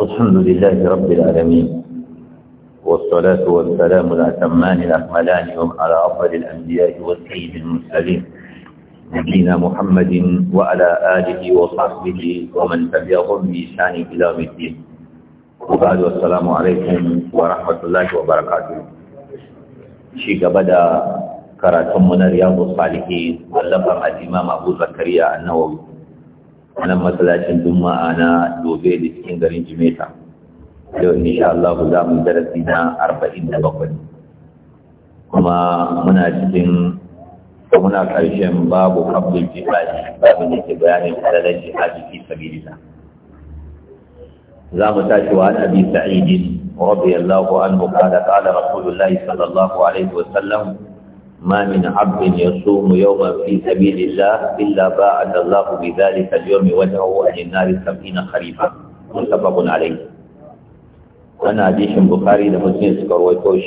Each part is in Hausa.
الحمد لله رب العالمين والصلاة والسلام الأتمان الأكملان على أفضل الأنبياء والسيد المرسلين نبينا محمد وعلى آله وصحبه ومن تبعهم بإحسان إلى يوم الدين وبعد والسلام عليكم ورحمة الله وبركاته شيء بدأ كراتم من رياض الصالحين واللفظ الإمام أبو زكريا النووي nan masallacin juma'a na dobe da cikin garin jimeta yau insha Allah za mu darasi na arba'in da bakwai kuma muna cikin muna ƙarshen babu kabdul jihadi babu da ke bayanin falalar jihadi fi sabilillah za mu tashi wa abi sa'idin radiyallahu anhu qala qala rasulullahi sallallahu alaihi wa sallam ما من عبد يصوم يوما في سبيل الله إلا باعد الله بذلك اليوم وجهه عن النار سبعين خريفا متفق عليه أنا حديث البخاري لمسلم سكر ويكوش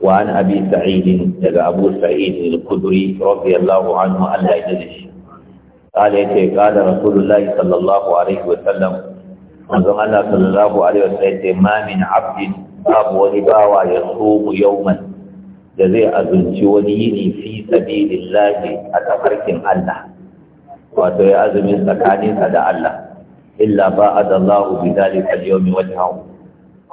وعن أبي سعيد لدى أبو سعيد الخدري رضي الله عنه لا يدلش قال إيه؟ قال رسول الله صلى الله عليه وسلم أنزل الله صلى الله عليه وسلم ما من عبد أبو ولباوى يصوم يوما da zai azunci wani yini fi sabilillahi a tafarkin Allah wato ya azumin tsakaninsa da Allah illa ba adallahu bi zalika al-yawmi wajhahu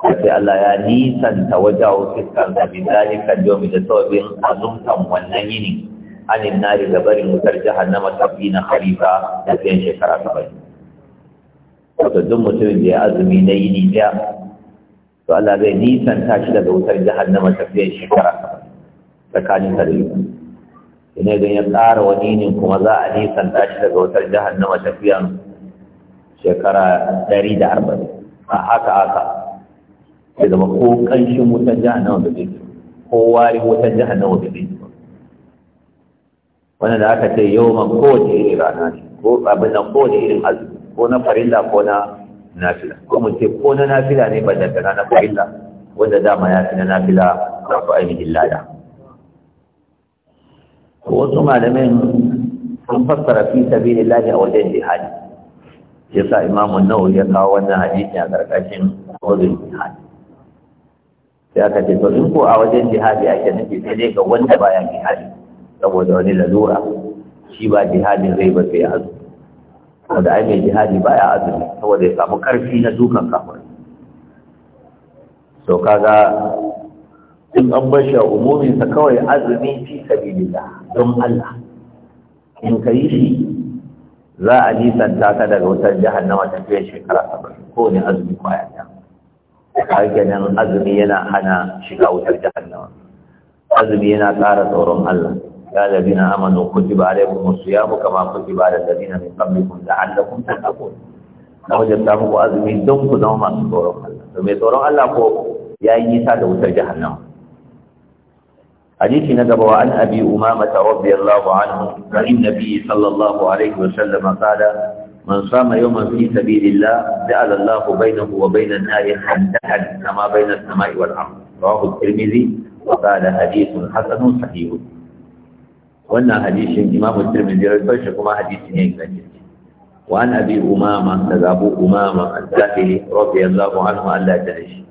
sai Allah ya nisanta wajahu fiskan da bi zalika al da sababin azumtan wannan yini anin nari da barin wutar jahannama na khalifa da fiyan shekara 70 wato duk mutumin da ya azumi na yini daya to Allah zai nisanta shi daga wutar jahannama tafiyan shekara tsakanin ka da ina zan ya tsara wani ne kuma za a nisan tashi daga wutar jahannama tafiyan shekara ɗari da arba'in a haka haka ya zama ko ƙanshin wutar jahannama da zai ko wari wutar jahannama da zai wannan da aka ce yau man kowace irin rana ne ko abin nan kowace irin azumi ko na farilla ko na nafila ko mun ce ko na nafila ne ba da na farilla wanda dama ya fi na nafila ba su ainihin lada wasu malamin sun fassara fi lahi a wajen jihadi sa imamu nawawi ya kawo wannan hadisi a ƙarƙashin wajen jihadi sai aka ce to in ko a wajen jihadi ake nufi sai dai ga wanda baya jihadi saboda wani lalura shi ba jihadi zai ba sai azumi saboda ai mai jihadi baya azumi saboda ya samu karfi na dukan kafin to kaga in an bar shi a umuminsa kawai azumi fi sabilillah don Allah in ka yi shi za a nisanta ka daga wutar jahannama ta fiye shekara saba'in ko ne azumi kwaya ta haka nan azumi yana hana shiga wutar jahannama azumi yana ƙara tsoron Allah ya zabi na amanu kutiba alaikum musiyamu kama kutiba da zabina min kun ta tattaqun na wajen ta muku azumi don ku zama masu tsoron Allah to me tsoron Allah ko ya yi nisa da wutar jahannama حديث نقب عن أبي أمامة رضي الله عنه عن النبي صلى الله عليه وسلم قال من صام يوما في سبيل الله جعل الله بينه وبين النار حدثا كما بين السماء والأرض رواه الترمذي وقال حديث حسن صحيح wannan hadisin imam tirmidhi ya rawaito kuma hadisi ne ingantacce wa an abi umama daga abu umama al-zahiri radiyallahu anhu Allah ya tare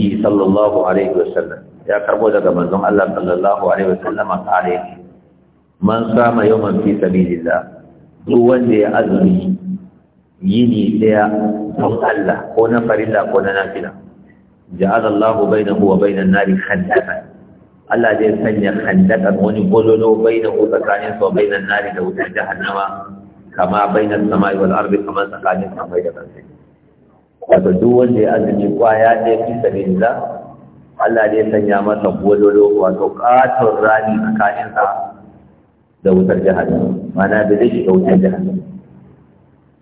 shi sallallahu ya karbo daga manzon Allah sallallahu alaihi wasallam kare man sama yawan fi sabilillah duk wanda ya azumi yini daya don Allah ko na farilla ko na nafila ja'ala Allahu bainahu wa bainan nari khandaqan Allah zai sanya khandaqan wani gololo bainahu tsakanin sa bainan nari da wutar jahannama kama bainan samai wal ardi kama tsakanin samai da ƙasa wato duk wanda ya azumi kwaya ɗaya fi sabilillah Allah ne sanya masa bololo wato katon rami tsakaninsa da wutar jahannam mana da zai shiga wutar jihar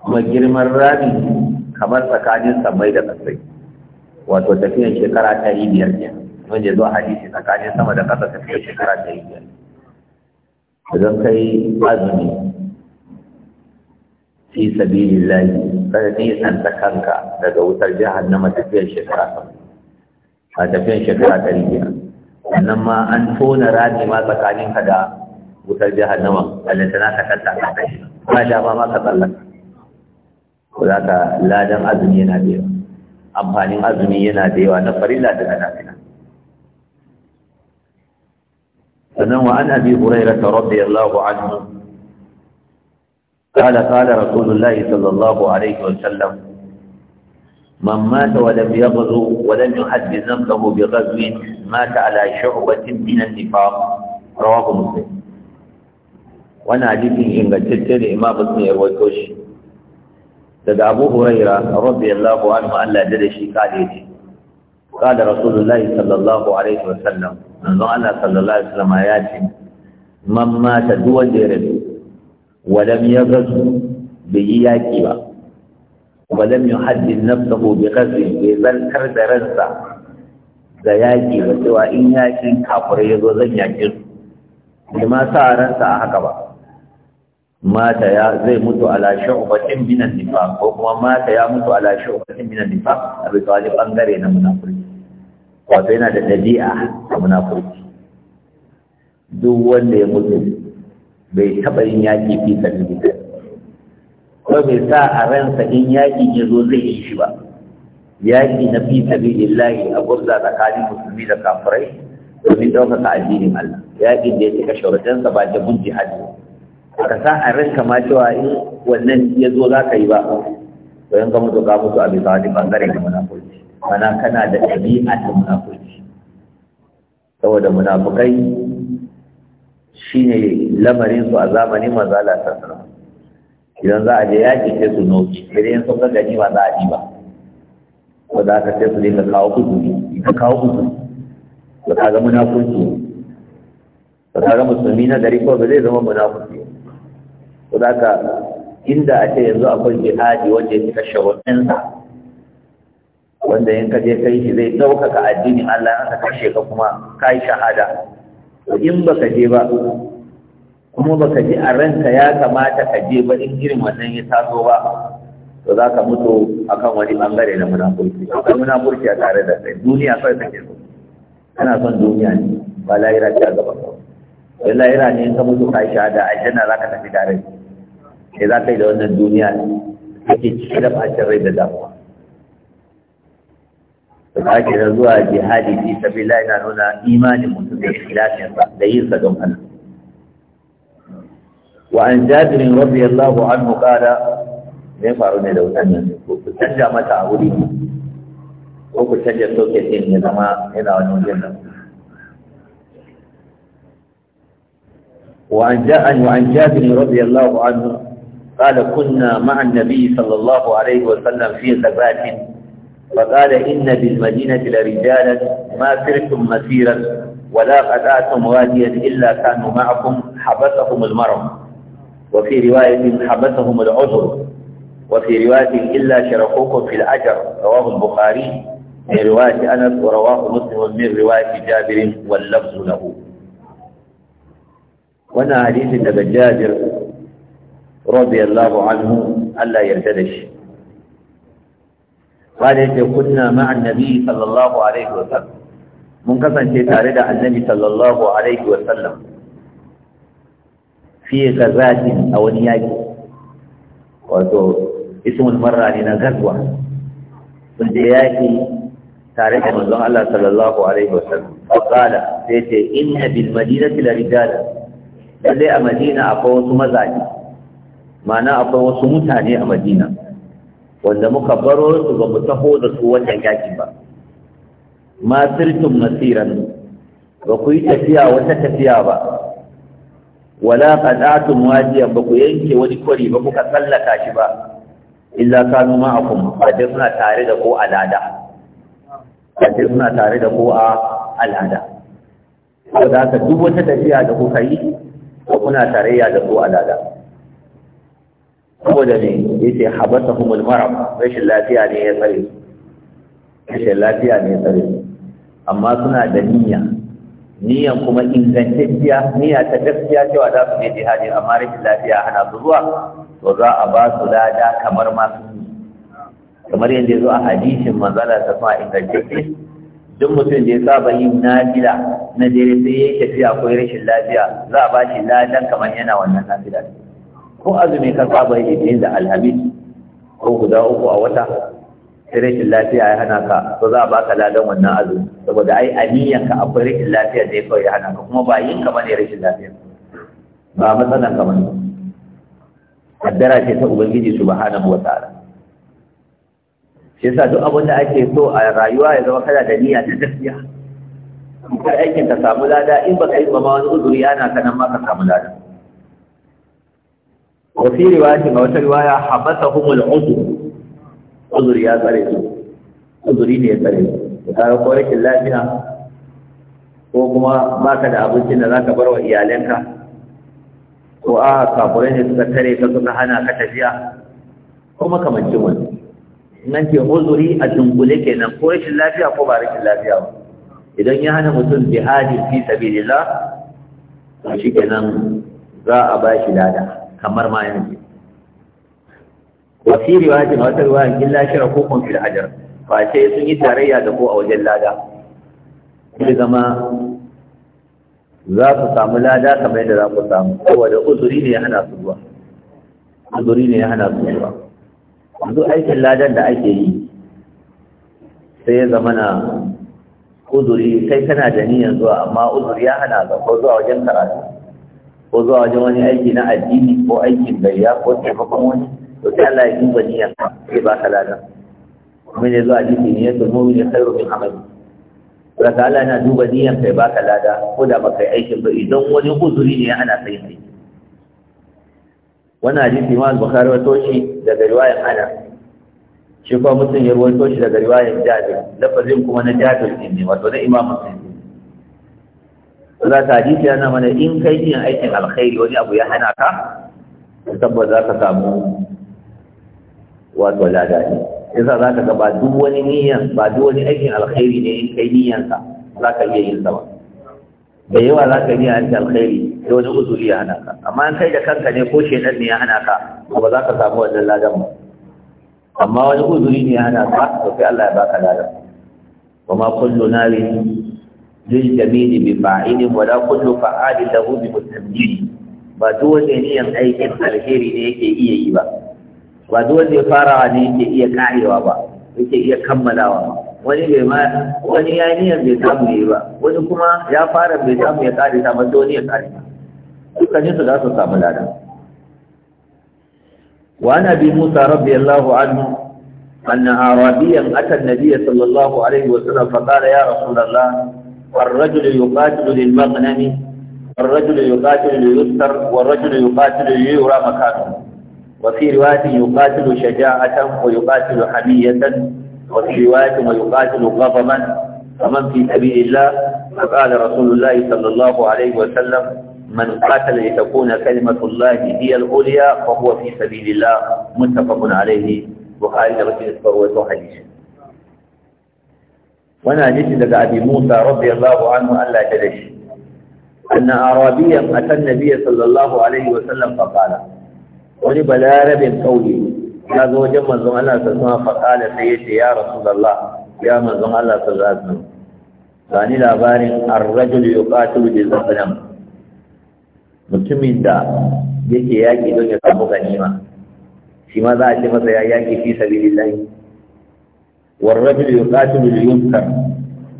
kuma girman rami kamar tsakanin samai da ƙasai wato tafiyan shekara ta yi biyar ne wanda zuwa hadisi tsakanin sama da kasa tafiyan shekara ta yi biyar idan kai azumi fi sabilillahi kada ne san ta kanka daga wutar jahannama tafiyar shekara sama a tafiyan shekara ɗari biyar sannan ma an tona rami ma tsakanin ka da wutar jihar a lantana ka tatta ta shi ba da ba ma ka tsallaka ko za ka ladan azumi yana da yawa amfanin azumi yana da yawa na farilla da na nafila sannan wa an abi rabbi allahu anhu قال قال رسول الله صلى الله عليه وسلم من مات ولم يغزو ولم يحدث نفسه بغزو مات على شعبة من النفاق رواه مسلم وانا حديث ان قتلت امام ابن يرويتوش daga Abu Huraira radiyallahu anhu Allah ya dade shi kale ne قال رسول الله صلى الله عليه وسلم أن الله صلى الله عليه وسلم آياته من مات دون ديرد ولم يغزو بيياكي با walam yuhaddin nafsahu bi qasri bai zantar da ransa ga yaki ba cewa in yakin kafirai ya zo zan yakin da ma sa ransa a haka ba mata ya zai mutu ala shu'batin minan nifaq ko kuma mata ya mutu ala shu'batin minan nifaq a bisa wani bangare na munafurci wato yana da dabi'a a munafurci duk wanda ya mutu bai taɓa yin yaƙi fi sabilillah ba bai sa a ransa in yaƙin ya zo zai yi shi ba yaƙi na fi sabilillahi a gurza tsakanin musulmi da kafirai domin ɗaukaka addinin Allah yaƙin da ya cika shawarcinsa ba da mun jihadi aka sa a ranka ma cewa in wannan ya zo za ka yi ba ko yanka mutu ka mutu a bisa wani bangare da munafurci mana kana da ɗabi'a da munafurci saboda munafukai shine lamarin su a zamanin manzala sallallahu idan za a je yaƙi sai su noki sai dai sun ga gani ba za a ji ba ko za ka sai su dinga kawo ne ka kawo Ba ka kaga munafurci ka kaga musulmi na gari ko ba zai zama munafurci ko za ka inda a ce yanzu akwai jihadi wanda ya fi kashe wadansa wanda in ka je kai shi zai ɗaukaka addinin Allah in kashe ka kuma ka yi shahada to in baka je ba kuma baka ji a ranka ya kamata ka je ba in irin wannan ya taso ba to za ka mutu akan wani bangare na munafurci kan munafurci a tare da kai duniya kai take so kana son duniya ne ba lahira ce a gaba kawai lahira ne ka mutu ka shahada aljanna za ka tafi tare sai za ka yi da wannan duniya kake ciki da bacin rai da damuwa da ba ke da zuwa jihadi fi sabila yana nuna imanin mutum da ikhlasinsa da sa don Allah وعن جابر رضي الله عنه قال me ya faru ne da wutan nan ko ku canja mata a wuri ko ku canja din zama yana wani wajen nan وعن جاء وعن جابر رضي الله عنه قال كنا مع النبي صلى الله عليه وسلم في غزاة فقال إن بالمدينة لرجالا ما سرتم مسيرا ولا قطعتم واديا إلا كانوا معكم حبسهم المرض وفي رواية حبسهم العذر وفي رواية إلا شرفوكم في الأجر رواه البخاري من رواية أنس ورواه مسلم من رواية جابر واللفظ له وانا حديث النبي جابر رضي الله عنه ألا يرتدش قال كنا مع النبي صلى الله عليه وسلم من كفن تارد النبي صلى الله عليه وسلم Fiye fi gazatin a wani yaki wato ismul marra ne na gazwa sun je yaki tare da manzon Allah sallallahu alaihi wasallam faqala sai ce inna bil madinati la rijala lalle a madina akwai wasu mazaje ma'ana akwai wasu mutane a madina wanda muka baro su ba mu taho da su wannan yaki ba ma sirtum masiran ba ku yi tafiya wata tafiya ba wala qad'atum wajiyan ba ku yanke wani kwari ba kuka tsallaka shi ba illa kanu ma'akum fadin suna tare da ko alada fadin suna tare da ko a alada ko da ka duk wata tafiya da kuka yi ko kuna tarayya da ko alada saboda ne yace habasahumul marab rashin lafiya ne ya tsare rashin lafiya ne ya tsare amma suna da niyya niyan kuma ingantacciya niyya ta gaskiya cewa za su daidai hajji amma rashin lafiya hana su zuwa to za a ba su lada kamar masu kamar yadda ya zo a hadisin manzala ta kuma ingantacce duk mutum da ya saba yin nafila na dare sai ya yi tafiya ko rashin lafiya za a ba shi ladan kamar yana wannan nafila ko azumi ka saba yi da alhamis ko guda uku a wata sai rashin lafiya ya hana ka to za a baka ladan wannan azumi saboda ai aniyan ka akwai rashin lafiya da ya ya hana ka kuma ba yin ka bane rashin lafiya ba matsalan ka bane kaddara ce ta ubangiji subhanahu wa ta'ala shi yasa duk abin da ake so a rayuwa ya zama kana da niyya ta gaskiya kar aikin ka samu lada in baka yi ba ma wani uzuri ana kanan ma ka samu lada وفي رواية أو رواية habasahumul العذر uzuri ya tsare su uzuri ne ya tsare su ka ga rashin lafiya ko kuma baka da abincin da zaka bar wa iyalanka ko a kafurai ne suka tare ka suka hana ka tafiya ko makamancin wani nan ke uzuri a dunkule kenan ko rashin lafiya ko ba rashin lafiya ba idan ya hana mutum jihadi fi sabilillah to kenan za a ba shi lada kamar ma yanzu wa fi riwayatin wata riwayan illa ko kun fil hajar fa ce sun yi tarayya da ko a wajen lada sai zama za ku samu lada kamar yadda za ku samu saboda uzuri ne ya hana su zuwa uzuri ne ya hana su zuwa yanzu aikin ladan da ake yi sai ya zama na uzuri kai kana da niyyar zuwa amma uzuri ya hana ka ko zuwa wajen karatu ko zuwa wajen wani aiki na addini ko aikin gayya ko taimakon wani to sai Allah ya duba niyyar sai ba ka lada mun ne zuwa jiki ne yadda mu ya sai min amali da ka Allah yana duba niyyar kai ba ka lada ko da ba kai aikin ba idan wani uzuri ne ana sai sai wannan hadisi ma Bukhari wato toshi daga riwayar Anas shi kuma mutum ya rawaito shi daga riwayar Jabir lafazin kuma na Jabir ne wato na Imam Muslim za ta hadisi yana mana in kai yin aikin alkhairi wani abu ya hana ka tabbata za ka samu wato lada ne yasa za ga ba duk wani niyan ba duk wani aikin alkhairi ne in kai niyanka za ka iya yin sama da yawa za ka iya yin alkhairi da wani uzuri ya hana ka amma an kai da kanka ne ko shedan ne ya hana ka ba za ka samu wannan ladan ba amma wani uzuri ne ya hana ka to sai Allah ya baka ladan wa ma kullu narin lil jamili bi fa'ilin wa la kullu fa'alin lahu bi mutamjidi ba duk wani niyan aikin alkhairi ne yake iya yi ba ba duk wanda ya fara wa ne yake iya karewa ba yake iya kammalawa ba wani bai ma wani ya yi niyyar bai samu ne ba wani kuma ya fara bai samu ya kare ta ba wani ya kare ta dukkanin su za su samu lada wa ana bi musa radiyallahu anhu أن أعرابيا أتى النبي صلى الله عليه وسلم فقال يا رسول الله الرجل يقاتل للمغنم الرجل يقاتل ليستر والرجل يقاتل ليرى مكانه وفي رواية يقاتل شجاعة ويقاتل حمية وفي رواية ويقاتل غضبا فمن في سبيل الله فقال رسول الله صلى الله عليه وسلم من قاتل لتكون كلمة الله هي العليا فهو في سبيل الله متفق عليه بخاري الله فروة حديث وانا جئت لك أبي موسى رضي الله عنه أن لا تدش أن أعرابيا أتى النبي صلى الله عليه وسلم فقال wani balarabin kauye ya zo wajen manzon Allah sallallahu alaihi wasallam da sai yace ya rasulullah ya manzon Allah sallallahu alaihi wasallam gani labarin ar-rajul yuqatilu bi zalam mutumin da yake yaki don ya samu ganima shi ma za a ce masa ya yaki fi sabilillah war rajul yuqatilu bi yunkar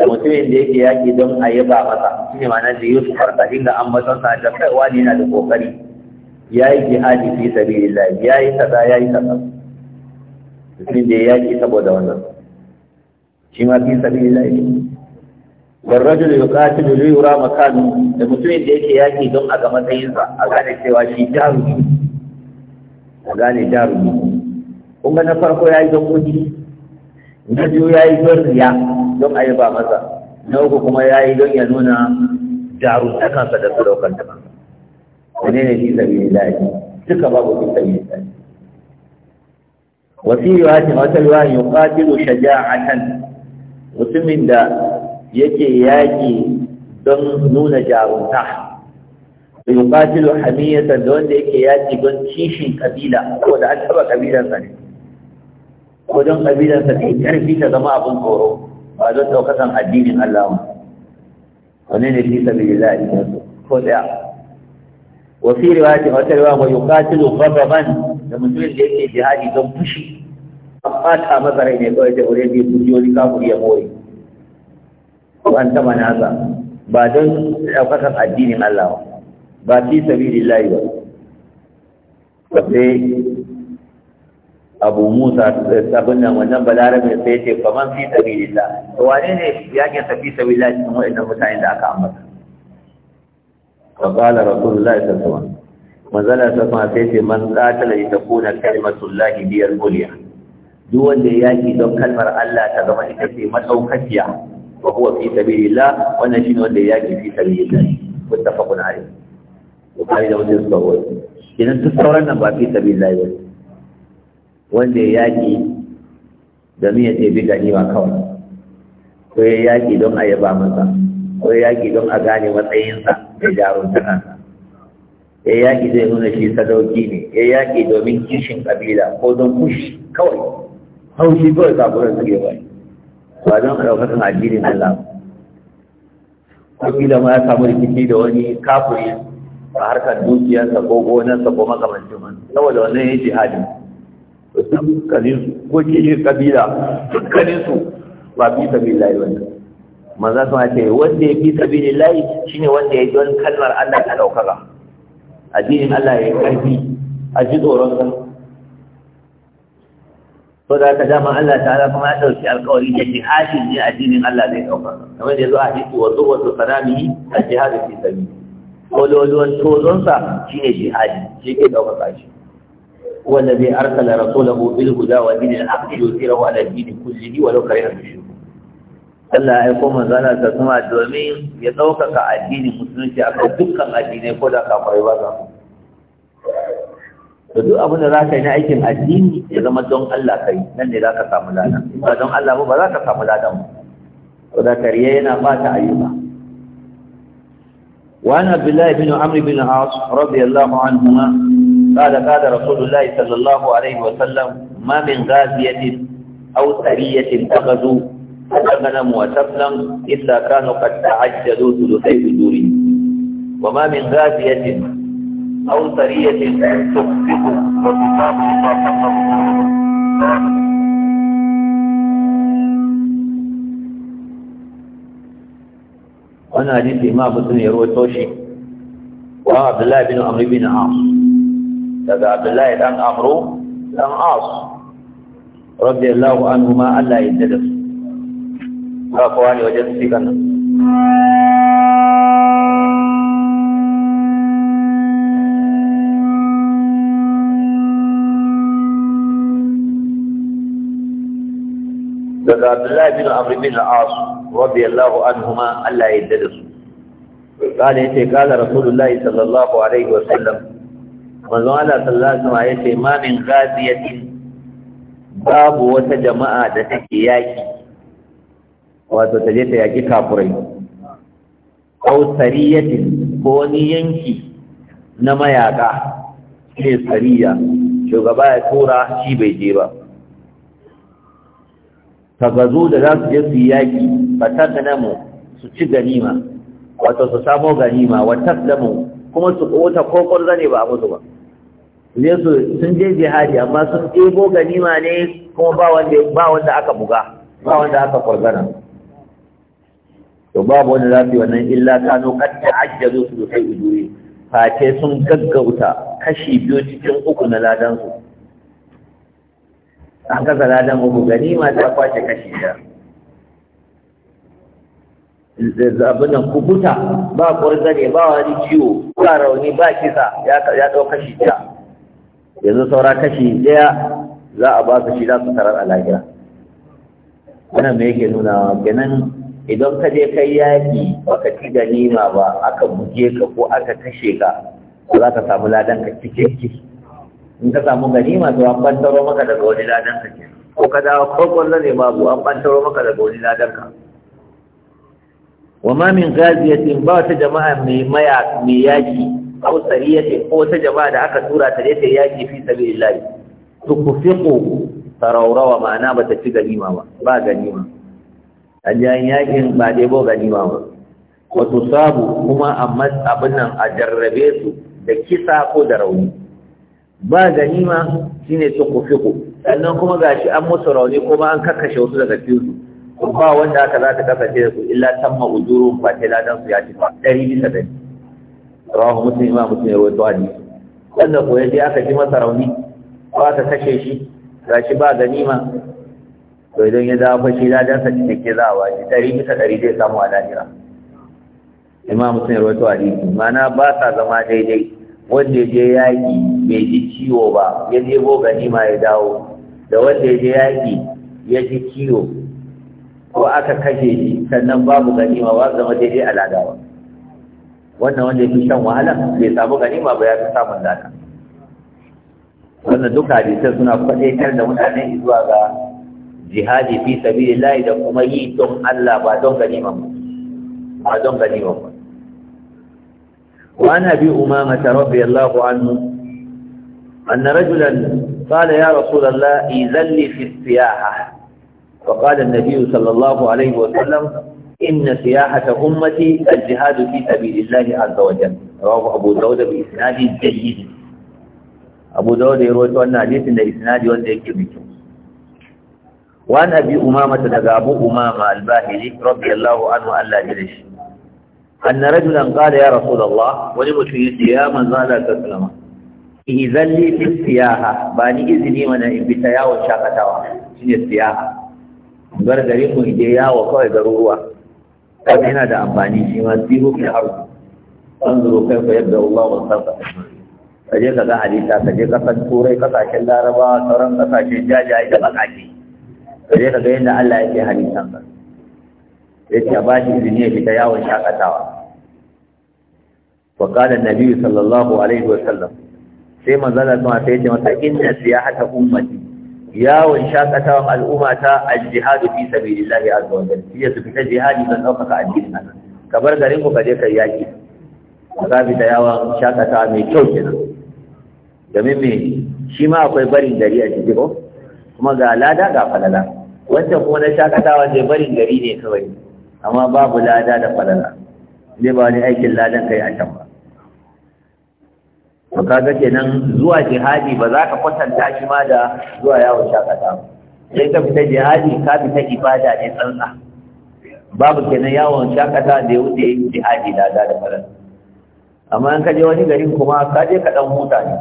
mutumin da yake yaki don a yaba masa shine ma'ana da yusuf farka inda an sa da kaiwa ne yana da kokari ya yi jihadi fi sabilillah ya yi kaza ya yi kaza mutum da ya yaki saboda wannan shi ma fi sabilillah ne والرجل li yura makan da mutumin da yake yaki don a ga matsayinsa a gane cewa shi jarumi a gane jarumi kun ga na farko ya yi don kuɗi na biyu ya yi don riya don a yi ba masa na uku kuma ya yi don ya nuna jarumtakansa da sadaukantakansa wani ne fi sabi lillahi duka babu fi sabi lillahi wasu riwayat wata riwayat yuqatilu shaja'atan mutumin da yake yaki don nuna jarunta yuqatilu hamiyatan da wanda yake yaki don kishin kabila ko da an taba kabilarsa ne ko don kabilarsa in karfi ta zama abin tsoro ba don daukakan addinin Allah ba wani ne fi sabilillah ko da wa fi riwayati wa wata riwaya wa yuqatilu ghadaban da mutumin da yake jihadi don fushi amma ta masa rai ne kawai da aure bai fushi wani kafuri ya more ko an ta manasa ba don ɗaukakar addinin Allah ba ba fi sabilillahi ba ba sai abu musa sabon nan wannan balarabe sai ce faman fi sabilillah to wane ne yakin sabi fi sabilillah cikin waɗannan mutane da aka ambata فقال رسول الله صلى الله عليه وسلم manzon Allah sallallahu alaihi wasallam man qatala li takuna kalimatullahi bi al duk wanda yaki don kalmar Allah ta zama ita ce madaukakiya wa huwa fi sabilillah wannan shine wanda yaki fi sabilillah muttafaqun alayh bukhari da muslim suka rawaito idan duk nan ba fi sabilillah ba wanda yaki da miya ce bi ganima kawai ko yaki don a yaba masa ko yaki don a gane matsayinsa da ta nan ya yaƙi zai nuna shi sadauki ne ya yaƙi domin kishin ƙabila ko don kushi kawai haushi kawai su suke bai ba don ɗaukakan addinin Allah ƙabila ma ya samu rikici da wani kafuri a harkar dukiyarsa ko gonarsa ko makamancin man saboda wannan ya jihadi dukkanin ko kishin ƙabila dukkanin su ba fi sabi lai wannan manzo sun ce wanda ya fi shi ne wanda ya don kalmar Allah ta daukaka addinin Allah ya karfi a ji tsoron sa so da ka dama Allah ta ala kuma ya dauki alƙawari da jihadi ne addinin Allah zai daukaka kamar da zo a hadisi wa zuwa su salamihi a jihadi fi sabili kololuwan tozon sa shine jihadi shi ke daukaka shi والذي أرسل رسوله بالهدى ودين الحق ليظهره على الدين كله ولو كره المشركون Allah ya aiko manzana ta kuma domin ya ɗaukaka addini musulunci a kan dukkan addinai ko da kafirai ba za to duk abin da za ka yi na aikin addini ya zama don Allah ka yi nan ne za ka samu lada in ba don Allah ba za ka samu lada ba to da kariya yana bata ayyuka وعن عبد الله بن عمرو بن العاص رضي الله عنهما قال قال رسول الله صلى الله عليه وسلم ما من غازية أو سرية تغزو الغنم وتبنا إلا كانوا قد تعجلوا ثلثي أجورهم وما من غازية أو سرية تخفق وتصاب وانا حديث امام مسلم يروي توشي وعبد الله بن عمرو بن عاص هذا عبد الله بن عمرو بن عاص رضي الله عنهما الا يدرس ba kowa ne wajen sigan nan daga abdullahi bin amr bin al-as radiyallahu anhuma Allah ya yarda da su قال يتي قال رسول الله Sallallahu Alaihi Wasallam. وسلم manzo Allah sallallahu alaihi wasallam ya ma min ghadiyatin babu wata jama'a da take yaki wato ta je ta yaƙi kafurai au sariyatin ko wani yanki na mayaƙa ne sariya shugaba ya tura shi bai je ba ta gazo da za su je su yi yaƙi ba ta ganamu su ci ganima wato su samo ganima wata damu kuma su wuta kokon zane ba a mutu ba zai su sun je jihadi amma sun ɗebo ganima ne kuma ba wanda aka buga ba wanda aka kwargana to babu wani zafi wannan illa kano kad ta'ajjalu su kai ujuri face sun gaggauta kashi biyu cikin uku na ladan su an kasa ladan uku ganima ta kwace kashi ɗaya abin nan kubuta ba zane ba wani ciwo ba rauni ba kisa ya ɗau kashi da yanzu saura kashi ɗaya za a ba su shi za su tarar a lahira wannan me yake nuna kenan idan ka je kai yaƙi baka ci ganima ba aka buge ka ko aka kashe ka ko za ka samu ladan ka ki in ka samu ganima to an bantaro maka daga wani ladan ka ke ko ka dawo ko kwallo ne babu an bantaro maka daga wani ladan ka wama ma min gaziyatin ba ta jama'a mai maya mai yaƙi aw sariyatin ko ta jama'a da aka tura ta ta yaƙi fi sabilillah tukufiqu tarawrawa ma'ana ba ta ci ganima ba ba ganima a jihar yakin ba dai ba ganima ba wato sabu kuma abin nan a jarrabe su da kisa ko da rauni ba ganima shine kufiku sannan kuma gashi an musu rauni kuma an kakkashe wasu daga cikin su ba wanda aka za ta kasance da su illa ma ujurun ba ta ladan su ya ci ba dari bisa dari rawahu mutum imam mutum ya rawaito hadisi wanda ko yaje aka ji masa rauni Ba ta kashe shi gashi ba ganima to idan ya dawo fashi cikin cikakke za a waje ɗari bisa ɗari zai samu a lahira imam musulun rawaito hadisi mana ba sa zama daidai wanda ya je yaƙi bai ji ciwo ba ya je bo ganima ya dawo da wanda ya je yaƙi ya ji ciwo ko aka kashe shi sannan babu ganima ba zama daidai a ladawa wannan wanda ya fi shan wahala bai samu ganima ba ya fi samun lada wannan duka hadisai suna faɗaitar da mutane zuwa ga jihadi fi sabilillah da kuma yi don Allah ba don ganima ba don ganima ba wa ana bi umama radiyallahu anhu anna rajulan qala ya rasulullah izalli fi siyaha فقال النبي صلى الله عليه وسلم إن سياحة أمتي الجهاد في سبيل الله عز وجل رواه أبو داود بإسناد جيد أبو داود يروي أن حديث إن إسناد وزي كبير وعن أبي أمامة دقى أبو أمامة الباهلي رضي الله عنه ألا جلش أن رجلا قال يا رسول الله ولمت يسياما زال تسلم إذا لي في السياحة باني إذني من إبتيا وشاقتوا شن السياحة bar garin mu je yawo kawai garuruwa kuma yana da amfani shi ma siru fil ardh anzuru kayfa yabda Allah wa sabba kaje ka ga hadisa kaje kasar turai kasashen larabawa sauran kasashen jajaye da bakake ka je ka ga yadda Allah yake ba Ya ce a bashi izini ya fita yawon shakatawa wa kada nabi sallallahu alaihi wa sallam sai manzala kuma sai ce masa inna siyahata ummati yawon al'umma ta al-jihadu fi sabilillahi azza wa jalla shi su fita jihadi don ɗaukaka addinin Allah ka bar garin ku ka je ka yaki ka fita yawon shakatawa mai kyau kenan domin me shi ma akwai barin gari a cikin ko kuma ga lada ga falala wancan kuma na shakatawa zai barin gari ne kawai amma babu lada da falala zai ba wani aikin ladan kai a can ba to kaga kenan zuwa jihadi ba za ka kwatanta shi ma da zuwa yawon shakata sai ka fita jihadi ka fita ibada ne tsantsa babu kenan yawon shakata da ya wuce jihadi lada da falala amma in ka je wani garin kuma ka je ka dan huta ne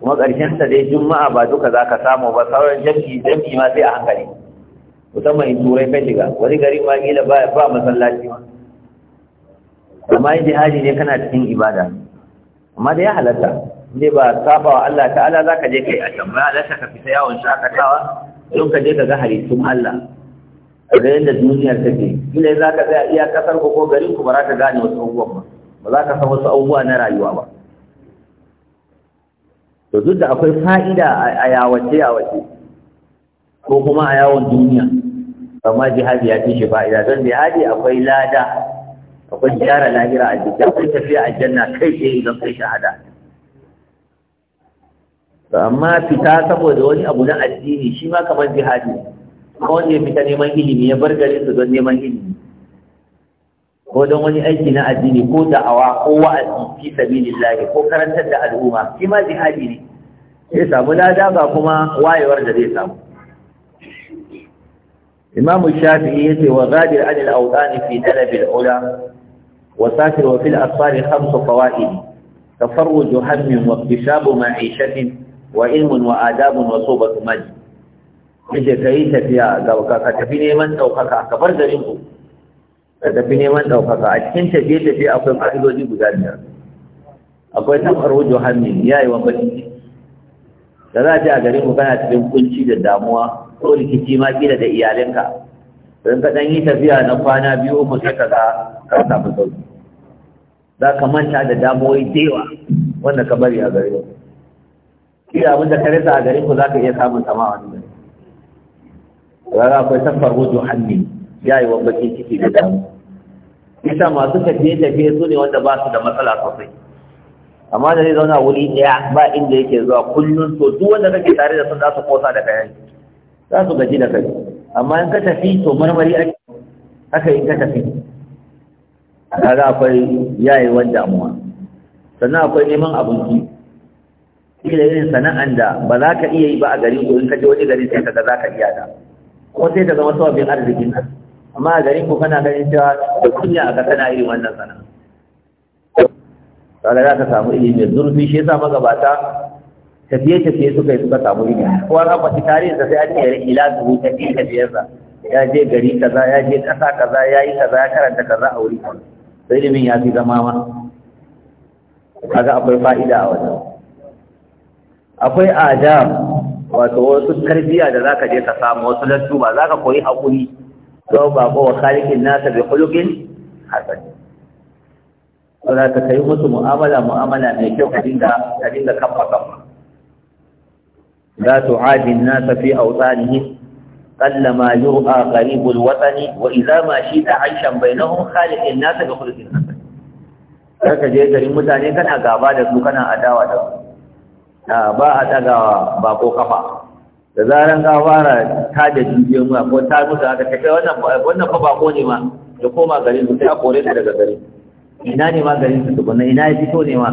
kuma ƙarshen ta dai juma'a ba duka za ka samu ba sauran jam'i jam'i ma sai a hankali musamman in turai ka shiga wani gari ma gila ba ba masallaci ma amma yin jihadi ne kana cikin ibada amma da ya halatta ne ba saba wa Allah ta'ala za ka je kai a can ba ka fita yawon shakatawa don ka je ka ga halittun Allah da yadda duniyar take ile za ka tsaya iya kasar ko garin ku ba za ka gane wasu abubuwan ba ba za ka san wasu abubuwa na rayuwa ba to duk da akwai fa'ida a yawace yawace ko kuma a yawon duniya amma jihadi ya fi shi fa'ida don jihadi akwai lada akwai gyara lahira a jiki akwai tafiya a janna kai tsaye idan kai shahada to amma fita saboda wani abu na addini shi ma kamar jihadi kawai wanda ya fita neman ilimi ya bar gari su don neman ilimi ko don wani aiki na addini ko da'awa ko wa'azi fi sabilillahi ko karantar da al'umma shi ma jihadi ne sai samu lada ba kuma wayewar da zai samu imam shafi'i yace wa ghadir an al-awdan fi talab al-ula wa safir wa fil asfar khams fawaid tafarruj hamm wa iktisab ma'ishatin wa ilm wa adab wa subat majd yace kai tafiya ga ka tafi neman daukaka ka bar garin ku da tafi neman ɗaukaka a cikin tafiye-tafiye akwai ƙa'idoji guda biyar akwai tafar wujo hannun ya yi wa baki da za a ce a gari mu kana cikin kunci da damuwa ko rikici ma kila da iyalinka don ka ɗan yi tafiya na kwana biyu mu sai ka ga ka samu sauki za ka manta da damuwoyi da yawa wanda ka bari a gari mu kila abin da ka rasa a gari ku za ka iya samun sama wani gari. Rara akwai tafar wujo hannun Ya yayewan bakin ciki da damu isa masu tafiye-tafiye su ne wanda ba su da matsala sosai amma da zai zauna wuri ɗaya ba inda yake zuwa kullum to duk wanda kake tare da sun za su kosa da kayan za su gaji da kai amma in ka tafi to marmari ake haka in ka tafi kaga akwai yayewar damuwa sannan akwai neman abinci shi da irin sana'an da ba za ka iya yi ba a garin ko in ka je wani gari sai ka ga za ka iya da ko sai ka zama sababbin arzikin nan amma a garin ku kana ganin cewa da kunya a kana irin wannan sana'a kaga za ka samu ilimi mai zurfi shi yasa magabata tafiye-tafiye suka yi suka samu ilimi kowa ka faɗi tarihin sa sai an tsere ila su tafiye tafiyarsa ya je gari kaza ya je ƙasa kaza ya yi kaza ya karanta kaza a wuri kaza ilimin ya fi zama ma kaga akwai fa'ida a wajen akwai adam wato wasu tarbiyya da za ka je ka samu wasu lantuba za ka koyi haƙuri sau ba ko wa khaliqin nasa bi khuluqin hasan to ka kai musu mu'amala mu'amala mai kyau ka dinga ka dinga kafa kafa la tu'adi an-nasa fi awtanihim قلما يرأى قريب الوطن وإذا ما شئت عيشا بينهم خالق الناس بخلق الحسن ka je garin mutane kana gaba da su kana adawa da su ah, ba a daga bako kafa da zaran ka fara ta da jijiyar mu ko ta musu haka ta kai wannan wannan fa bako ne ma da koma garin su sai a kore ta daga gari ina ne ma garin su tukunna ina ya fito ne ma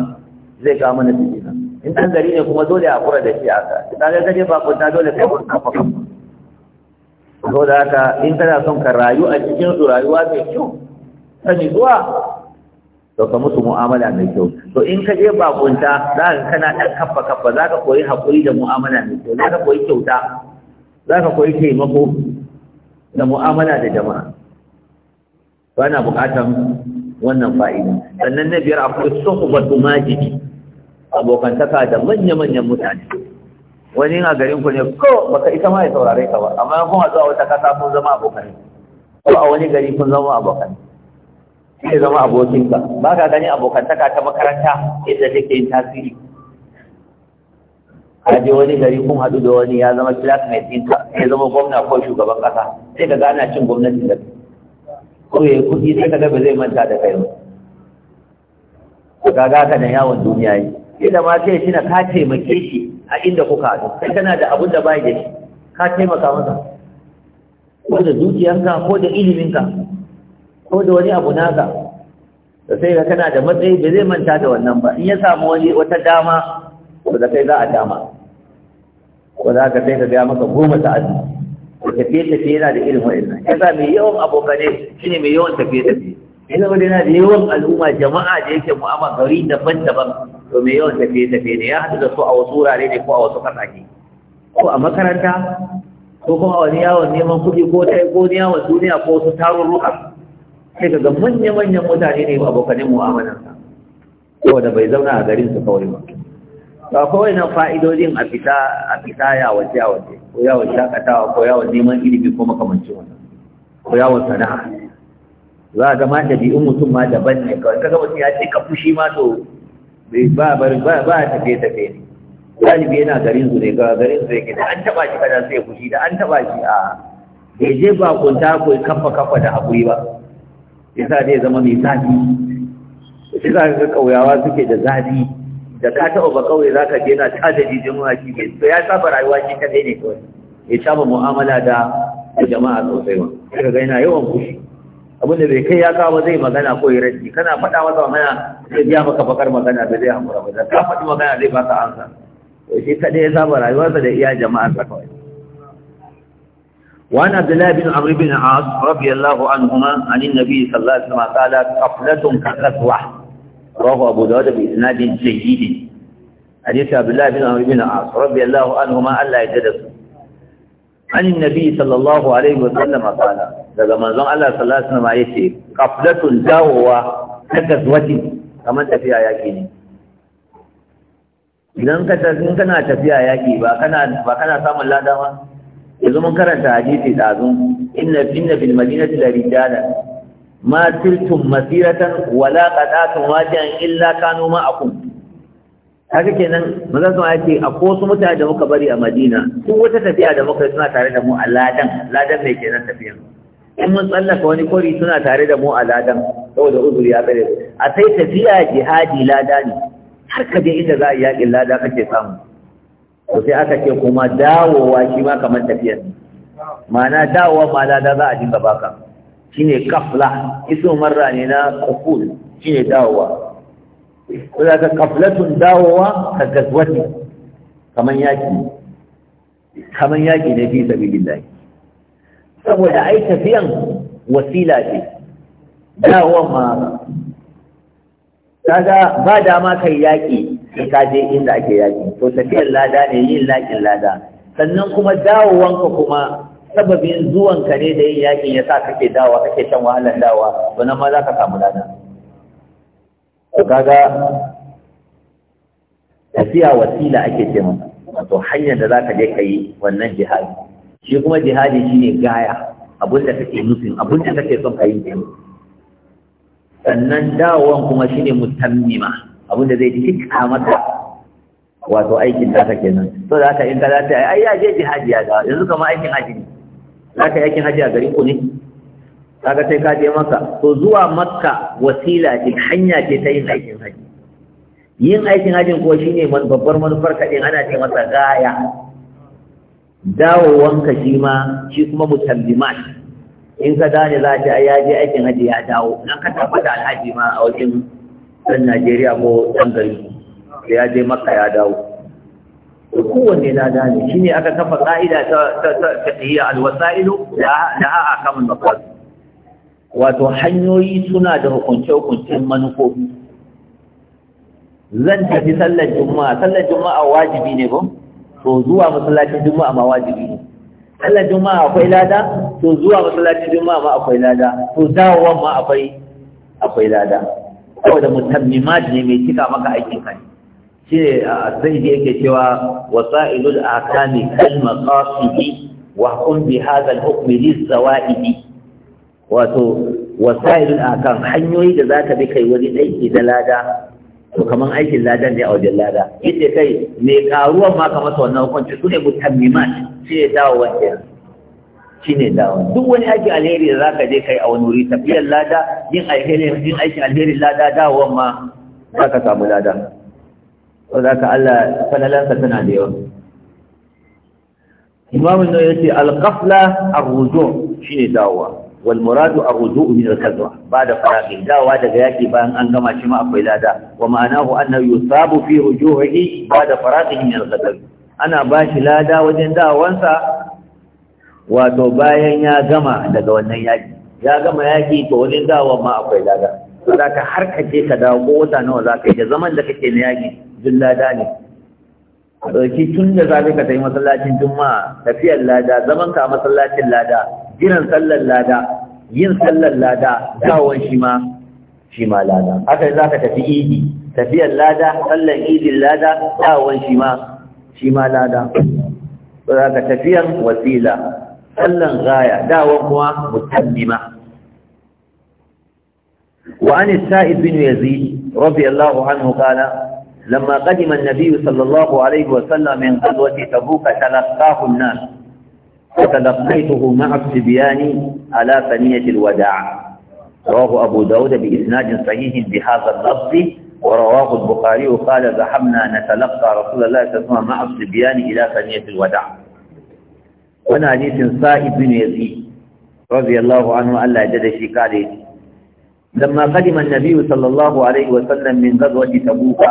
zai kawo mana fitina in ɗan gari ne kuma dole a kura da shi haka ta ga gaje ba ta dole sai ta kafa ko da haka in kana son ka rayu a cikin su rayuwa mai kyau sani zuwa? to ka musu mu'amala mai kyau to in ka je bakunta za ka kana ɗan kafa kafa za ka koyi haƙuri da mu'amala mai kyau za ka koyi kyauta za ka koyi taimako da mu'amala da jama'a to ana buƙatan wannan fa'ida sannan na biyar akwai sohbatu majiki abokantaka da manya-manyan mutane wani a garin ku ne ko baka ita ma ya saurare ka ba amma kuma zuwa wata kasa sun zama abokai ko a wani gari kun zama abokai zai zama abokinka ba ka gani abokantaka ta makaranta inda take yin tasiri a je wani gari kun haɗu da wani ya zama classmate ɗinka ya zama gwamna ko shugaban ƙasa sai ka gana cin gwamnati da ko ya kuɗi sai ka ga zai manta da kai ba ka ga ka da yawon duniya yi sai ma sai shi na ka taimake shi a inda kuka haɗu sai kana da abun da bai da shi ka taimaka masa ko da dukiyanka ko da iliminka ko da wani abu naka da sai ga kana da matsayi ba zai manta da wannan ba in ya samu wani wata dama ko da kai za a dama ko za ka sai ka gaya maka goma sa'adu ko tafiye-tafiye yana da irin nan yasa mai yawan abokanai shine mai yawan tafiye-tafiye ina ba yana da yawan al'umma jama'a da yake mu'amma gari daban-daban to mai yawan tafiye-tafiye ne ya haɗu da su a wasu wurare ne ko a wasu ƙasashe ko a makaranta ko kuma a wani yawon neman kuɗi ko ta ko wani yawon duniya ko wasu tarurruka sai ka manya-manyan mutane ne ba abokanin mu'amalansa saboda bai zauna a garin su kawai ba ba kawai na fa'idodin a fita a fita yawon yawon ko yawon shakatawa ko yawon neman ilimi ko makamanci wannan ko yawon sana'a za a zama da ɗabi'un mutum ma daban ne kawai kaga mutum ya ce ka fushi ma to ba ba tafiye tafiye ne ɗalibi yana garin su ne ga garin su yake da an taɓa shi kada sai fushi da an taɓa shi a bai je ba kunta ko kafa kafa da haƙuri ba yasa dai zama mai zafi shi za ka kauyawa suke da zafi da ka taɓa ba kawai za ka je ta tada jijin waki mai to ya saba rayuwa shi kadai ne kawai ya saba mu'amala da jama'a sosai ma ka ga yana yawan fushi abin da bai kai ya kawo zai magana ko ya rashi kana faɗa masa magana zai biya maka bakar magana da zai hamura ba ka faɗi magana zai ka ansa to shi kadai ya saba rayuwarsa da iya jama'a sa kawai وعن عبد الله بن عمرو بن العاص رضي الله عنهما عن النبي صلى الله عليه وسلم قال قفلة كقسوة رواه أبو داود بإسناد جيد حديث عبد الله بن عمرو بن العاص رضي الله عنهما ألا يجلس عن النبي صلى الله عليه وسلم قال daga manzon Allah sallallahu alaihi wasallam yace qaflatun dawowa ta gazwati kamar tafiya yaki ne idan ka tafi kana tafiya yaki ba kana ba kana samun lada ba yanzu mun karanta hadisi dazun inna inna fil madinati la rijala ma tiltum masiratan wala qadatum wajan illa kanu ma'akum haka kenan maza sun ake a ko su mutane da muka bari a Madina duk wata tafiya da muka suna tare da mu a ladan ladan mai kenan tafiyan in mun tsallaka wani kori suna tare da mu a ladan saboda uzuri ya tsare a sai tafiya jihadi lada ne har ka je inda za a yi yaƙin lada kake samu to sai aka ce kuma dawowa shi ma kamar tafiyar ma'ana dawowa ma lada za a dinga baka ne kafla isu marra ne na kaful ne dawowa ko da ka kaflatun dawowa ka gazwati kamar yaki kamar yaki ne fi sabilillah saboda ai tafiyan wasila ce dawowa ma ga ba dama kai yaki ka je inda ake yaƙi to tafiyar lada ne yin laƙin lada sannan kuma dawowanka kuma sababin zuwanka ne da yin yaƙin ya sa kake dawa kake shan wahalar dawa nan ma za ka samu lada to kaga tafiya wasila ake ce mata wato hanyar da za ka je ka yi wannan jihadi shi kuma jihadi shi ne gaya abin da kake nufin abin da kake son ka yi sannan dawowan kuma shine mutammima abin da zai cika mata wato aikin taka kenan to da haka in ka zata ai ya je jihadi ya ga yanzu kamar aikin haji ne za ka yi aikin haji a garin ku ne kaga sai ka je maka to zuwa makka wasila ce hanya ce ta yin aikin haji yin aikin hajin ko shine babbar manufar ka din ana ce masa gaya dawowanka shi ma shi kuma mutallimat in ka gane za ta ya je aikin haji ya dawo nan ka tabbata alhaji ma a wajen ɗan najeriya ko ɗan gari da ya je maka ya dawo da kowanne na gane shi ne aka kafa ƙa'ida ta tsayya alwasa'ilu da ha'a kamun mafas wato hanyoyi suna da hukunce-hukuncen manufofi zan tafi sallar juma'a sallar juma'a wajibi ne ba to zuwa masallacin juma'a ma wajibi ne sallar juma'a akwai lada to zuwa masallacin juma'a ma akwai lada to dawowan ma akwai akwai lada saboda mutammimat ne mai cika maka aikin kai. shi sai da yake cewa wasailul akami kal maqasidi wa hukm bi hadha al hukm li wato wasailul akan hanyoyi da zaka bi kai wani aiki da lada to kaman aikin ladan ne a wajen lada yadda kai mai karuwan ma ka masa wannan hukunci su ne mutammimat shi ya dawo wancan ne dawa duk wani aikin alheri da za ka je kai a wani wuri tafiyar lada yin aikin alheri lada dawa ma ka samu lada ko ka Allah fanalansa tana da yawa imam ya yace al-qafla ar-ruju' ne dawa wal muradu ar-ruju' min al-kadwa ba'da faraqi dawa daga yaki bayan an gama shi ma akwai lada wa ma'anahu annahu yusabu fi ruju'ihi ba'da da min al-kadwa ana bashi lada wajen dawansa wato bayan ya gama daga wannan yaki ya gama yaki to wani dawa ma akwai lada za ka har ka ka dawo ko wata nawa za ka yi da zaman da kake na yaki jin lada ne a ɗauki tun da za ka yi masallacin juma'a tafiyar lada zaman ka masallacin lada jiran sallar lada yin sallar lada dawon shi ma shi ma lada haka za ka tafi idi tafiyar lada sallar idin lada dawon shi ma shi ma lada za ka tafiyar wasila sallan غاية dawon kuma mutammima وعن السائب بن يزيد رضي الله عنه قال لما قدم النبي صلى الله عليه وسلم من قدوة تبوك تلقاه الناس فتلقيته مع الصبيان على ثنية الوداع رواه أبو داود بإسناد صحيح بهذا اللفظ ورواه البخاري قال ذهبنا نتلقى رسول الله صلى الله عليه وسلم مع الصبيان إلى ثنية الوداع wani hadisin sa'id bin yazid radiyallahu anhu Allah ya jada shi kare shi lamma qadima an-nabi sallallahu alaihi wa sallam min ghazwati tabuk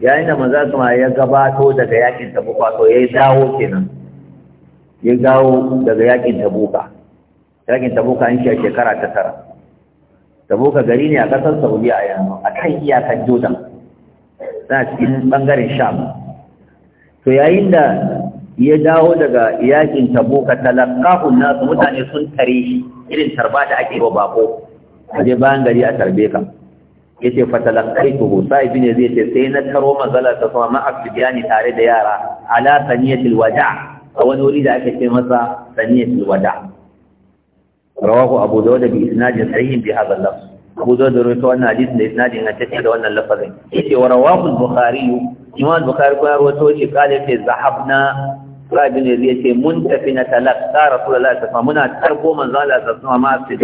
yayin da maza su ma ya gabato daga yakin tabuk to yi dawo kenan ya dawo daga yakin tabuk yakin tabuk an shi a shekara ta tara tabuk gari ne a kasar saudiya yanzu a kan iyakar jordan na cikin bangaren sham to yayin da ya dawo daga yakin tabuka talaqahu nasu mutane sun tare shi irin tarba da ake ba bako aje bayan gari a tarbe ka yace fa talaqaituhu sai bin zai ce sai na taro mazala ta kuma ma afdiyani tare da yara ala saniyatil wada a wani wuri da ake ce masa saniyatil wada rawahu abu dawud bi isnadin sahih bi hadha al-lafz abu dawud rawaito wannan hadith da isnadin a cikin da wannan lafazin yace wa rawahu al-bukhari imam al-bukhari ko rawaito shi kale ce zahabna Sa'adin ne zai ce mun tafi na talaka Rasulullah ta sama muna tarko manzo Allah ta sama ma ni.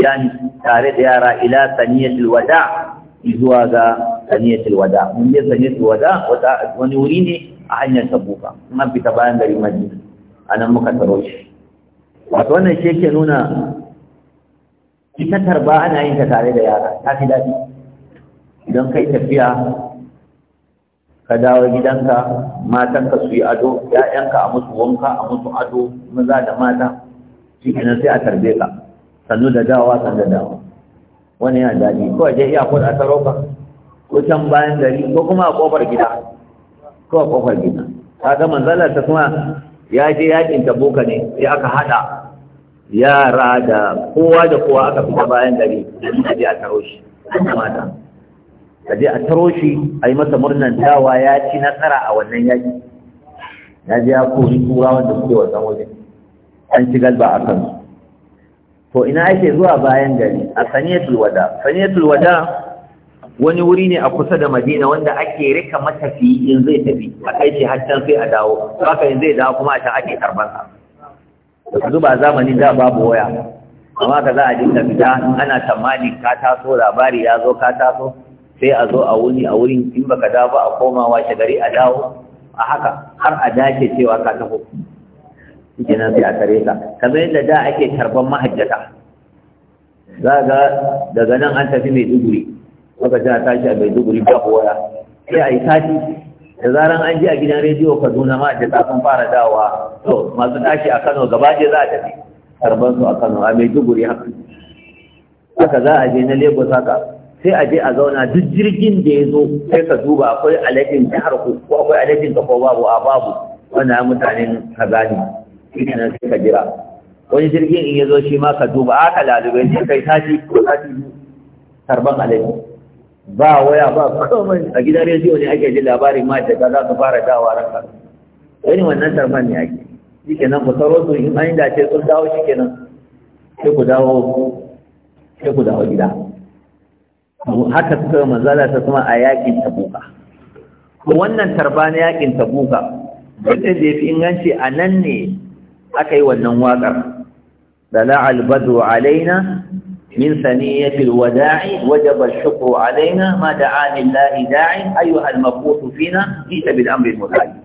tare da yara ila saniyatul wada zuwa ga saniyatul wada mun je saniyatul wada wata wani wuri ne a hanyar Tabuka mun fita bayan gari Madina anan muka taro shi wato wannan shi yake nuna ita tarba ana yin ta tare da yara ta fi daɗi idan kai tafiya ka dawo gidanka matanka su yi ado ‘ya'yanka a musu wanka a musu ado maza da mata shi kenan sai a tarbe ka sannu da dawa sannu da dawa wani yana daɗi ko je iya kuɗa ta roƙa ko can bayan gari ko kuma a ƙofar gida ko a ƙofar gida ka ga manzalar ta kuma ya je yakin boka ne sai aka haɗa yara da kowa da kowa aka fita bayan gari da a taro shi mata a je a taro shi a yi masa murnan dawa ya ci nasara a wannan yaki ya je ya kori kura wanda suke wannan waje an ci galba a kan to ina ake zuwa bayan gari a saniyatul wada saniyatul wada wani wuri ne a kusa da madina wanda ake rika matafi in zai tafi a kai ce hatta sai a dawo haka in zai dawo kuma a can ake karbansa da zuba zamanin da babu waya amma ka za a dinga fita ana tamani ka taso labari ya zo ka taso sai a zo a wuni a wurin in baka da ba a komawa shi gari a dawo a haka har a dace cewa ka taho kenan sai a tare ka kamar yadda da ake karban mahajjata za ga daga nan an tafi mai duguri aka ta tashi a mai duguri ba kowa sai a yi sati da zaran an ji a gidan rediyo kaduna da sun fara dawowa to masu tashi a kano gaba ɗaya za a tafi karban su a kano a mai duguri haka haka za a je na lagos haka sai a je a zauna duk jirgin da ya zo sai ka duba akwai alajin ta ku ko akwai alajin ta ko babu a babu wannan mutanen kaza ne shi ne sai ka jira wani jirgin in ya zo shi ma ka duba aka lalubai sai kai sati ko sati tarban alaji ba waya ba komai a gidan rediyo ne ake jin labarin ma da za su fara dawa ranka wani wannan tarban ne ake shi kenan ku saro su in an yi dace sun dawo shi kenan sai ku dawo sai ku dawo gida haka suka yi manzala ta kuma a yakin tabuka wannan tarba na yakin tabuka duk da ya fi inganci a nan ne aka yi wannan waƙar da la'al badu alaina min saniyatil wada'i wajaba shukru alaina ma da'a lillahi da'i ayyuha al-maqutu fina fi sabil amri al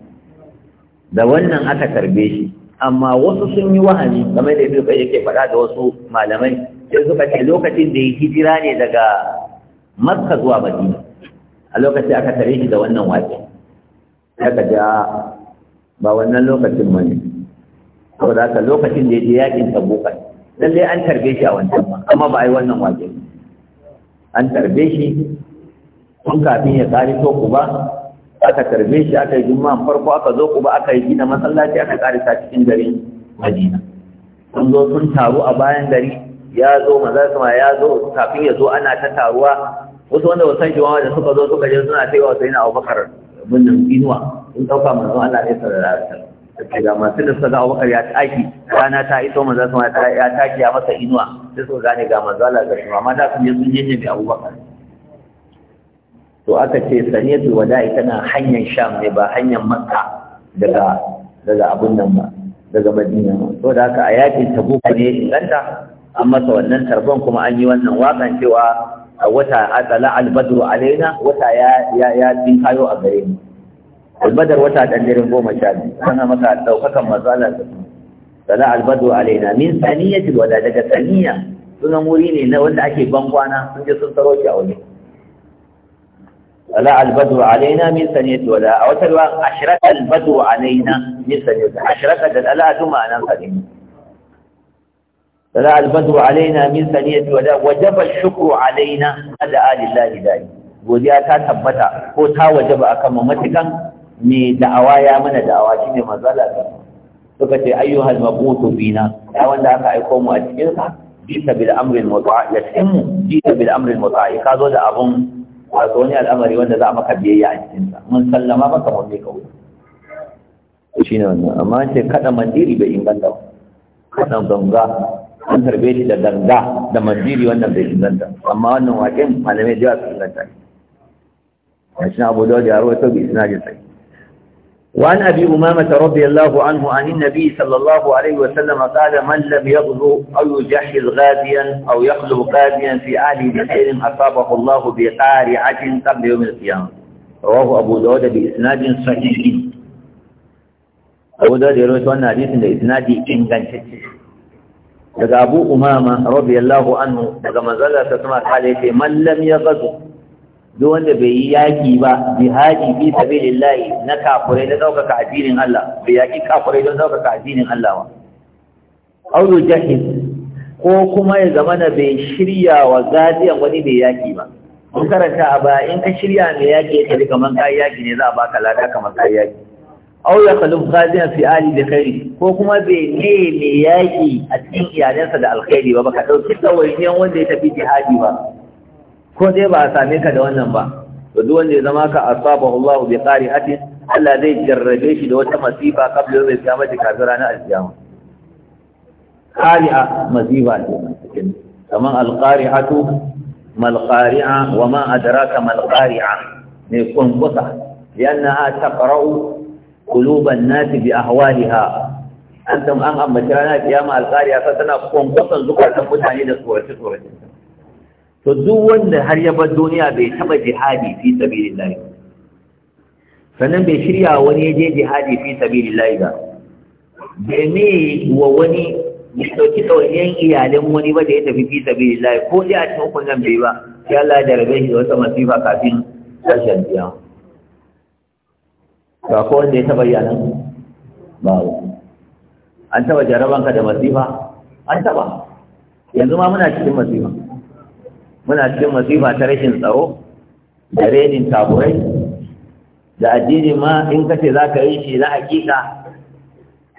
da wannan aka karbe shi amma wasu sun yi wahani game da yake faɗa da wasu malamai sai suka ce lokacin da ya hijira ne daga maska zuwa madina a lokacin aka tare shi da wannan waƙe aka ja ba wannan lokacin bane saboda haka lokacin da ya je yakin tabuka lallai an tarbe shi a wancan ba amma ba a yi wannan waƙe an tarbe shi tun kafin ya kare to kuba aka tarbe shi aka yi juma farko aka zo kuba aka yi gina masallaci aka sa cikin garin madina sun zo sun taru a bayan gari ya zo maza su ya zo kafin ya zo ana ta taruwa wasu wanda wasan shi da suka zo suka je suna cewa sai na abubakar bunnin inuwa sun ɗauka manzon Allah ne sarara da wasallam sai ga masu da suka ga abubakar ya taki rana ta iso manzo ma ya taki ya masa inuwa sai suka gane ga manzo Allah ga shi amma da sun je sun yanye da abubakar to aka ce saniyatul wada'i tana hanyar sham ne ba hanyar makka daga daga abun nan ba daga madina to da haka a yakin tabuk ne inganta an masa wannan tarban kuma an yi wannan wakan cewa a wata adala albadru alaina wata ya ya kayo a gare mu albadar wata dandirin goma sha biyu sana maka daukakan mazalar da su dala albadru alaina min saniyati wala daga saniya sunan wuri ne na wanda ake ban kwana sun je sun taro shi a wani dala albadru alaina min saniyati wala a wata ruwa ashraka albadru alaina min saniyati ashraka da ala tuma anan saniyati طلع البدر علينا من ثانية وداء وجب الشكر علينا هذا آل الله ذلك godiya ta tabbata ko ta wajaba akan mu matukan me da'awa ya mana da'awa shine manzala ta suka ce ayyuhal mabutu bina ya wanda aka aiko mu a cikin sa jita bil amri al muta'a ya timu jita bil amri muta'a ka zo da abun wato wani al'amari wanda za a maka biyayya a cikinsa mun sallama maka mun mai kawo shi ne wannan amma ce kada mandiri bai inganta kada ganga وعن أبي أمامة رضي الله عنه عن النبي صلى الله عليه وسلم قال من لم يغزو أو يجحز غازيا أو يخلو غازيا في أهل بخير أصابه الله بقارعة قبل يوم القيامة رواه أبو داود بإسناد صحيح أبو داود يروي أن حديث بإسناد إنجاز daga abu umama radiyallahu anhu daga manzala ta sama kale ce man lam gazu duk wanda bai yi yaƙi ba jihadi fi sabilillahi na kafirai da daukaka addinin Allah bai yaki kafirai don daukaka addinin Allah ba auzu jahil ko kuma ya zama na bai shirya wa gadiyan wani bai yaƙi ba mun karanta a baya in ka shirya mai yaƙi ya kaman kai yaki ne za a baka lada kamar kai yaki aw ya kalu ghazina fi ali da khairi ko kuma bai ne me yaki a cikin iyalansa da alkhairi ba baka dauki tsawayen wanda ya tafi jihadi ba ko dai ba a same ka da wannan ba to duk wanda ya zama ka asaba Allah bi qari'atin Allah zai jarrabe shi da wata masifa qabla yawm al-qiyamah kafin na al-qiyamah qari'a masifa ce kaman alqari'atu mal qari'a wa ma adraka mal qari'a ne kun kusa ta qara'u quluban nati bi ahwahiha an tam an ambaci rana kiyama alqariya fa tana kwankwasan zukatan mutane da tsorace tsorace to duk wanda har ya bar duniya bai taba jihadi fi sabilillah sannan bai shirya wani ya je jihadi fi sabilillah ba bai ne wa wani ya ɗauki ɗauyen iyalin wani ba da ya tafi fi sabilillah ko ya ci cikin bai ba sai Allah ya jarabe shi da wata masifa kafin tashin biya ba ko wanda ya taba yi a nan ba an taba jarabanka da masifa an taba yanzu ma muna cikin masifa muna cikin masifa ta rashin tsaro da renin taburai da addini ma in ka ce za ka yi shi na hakika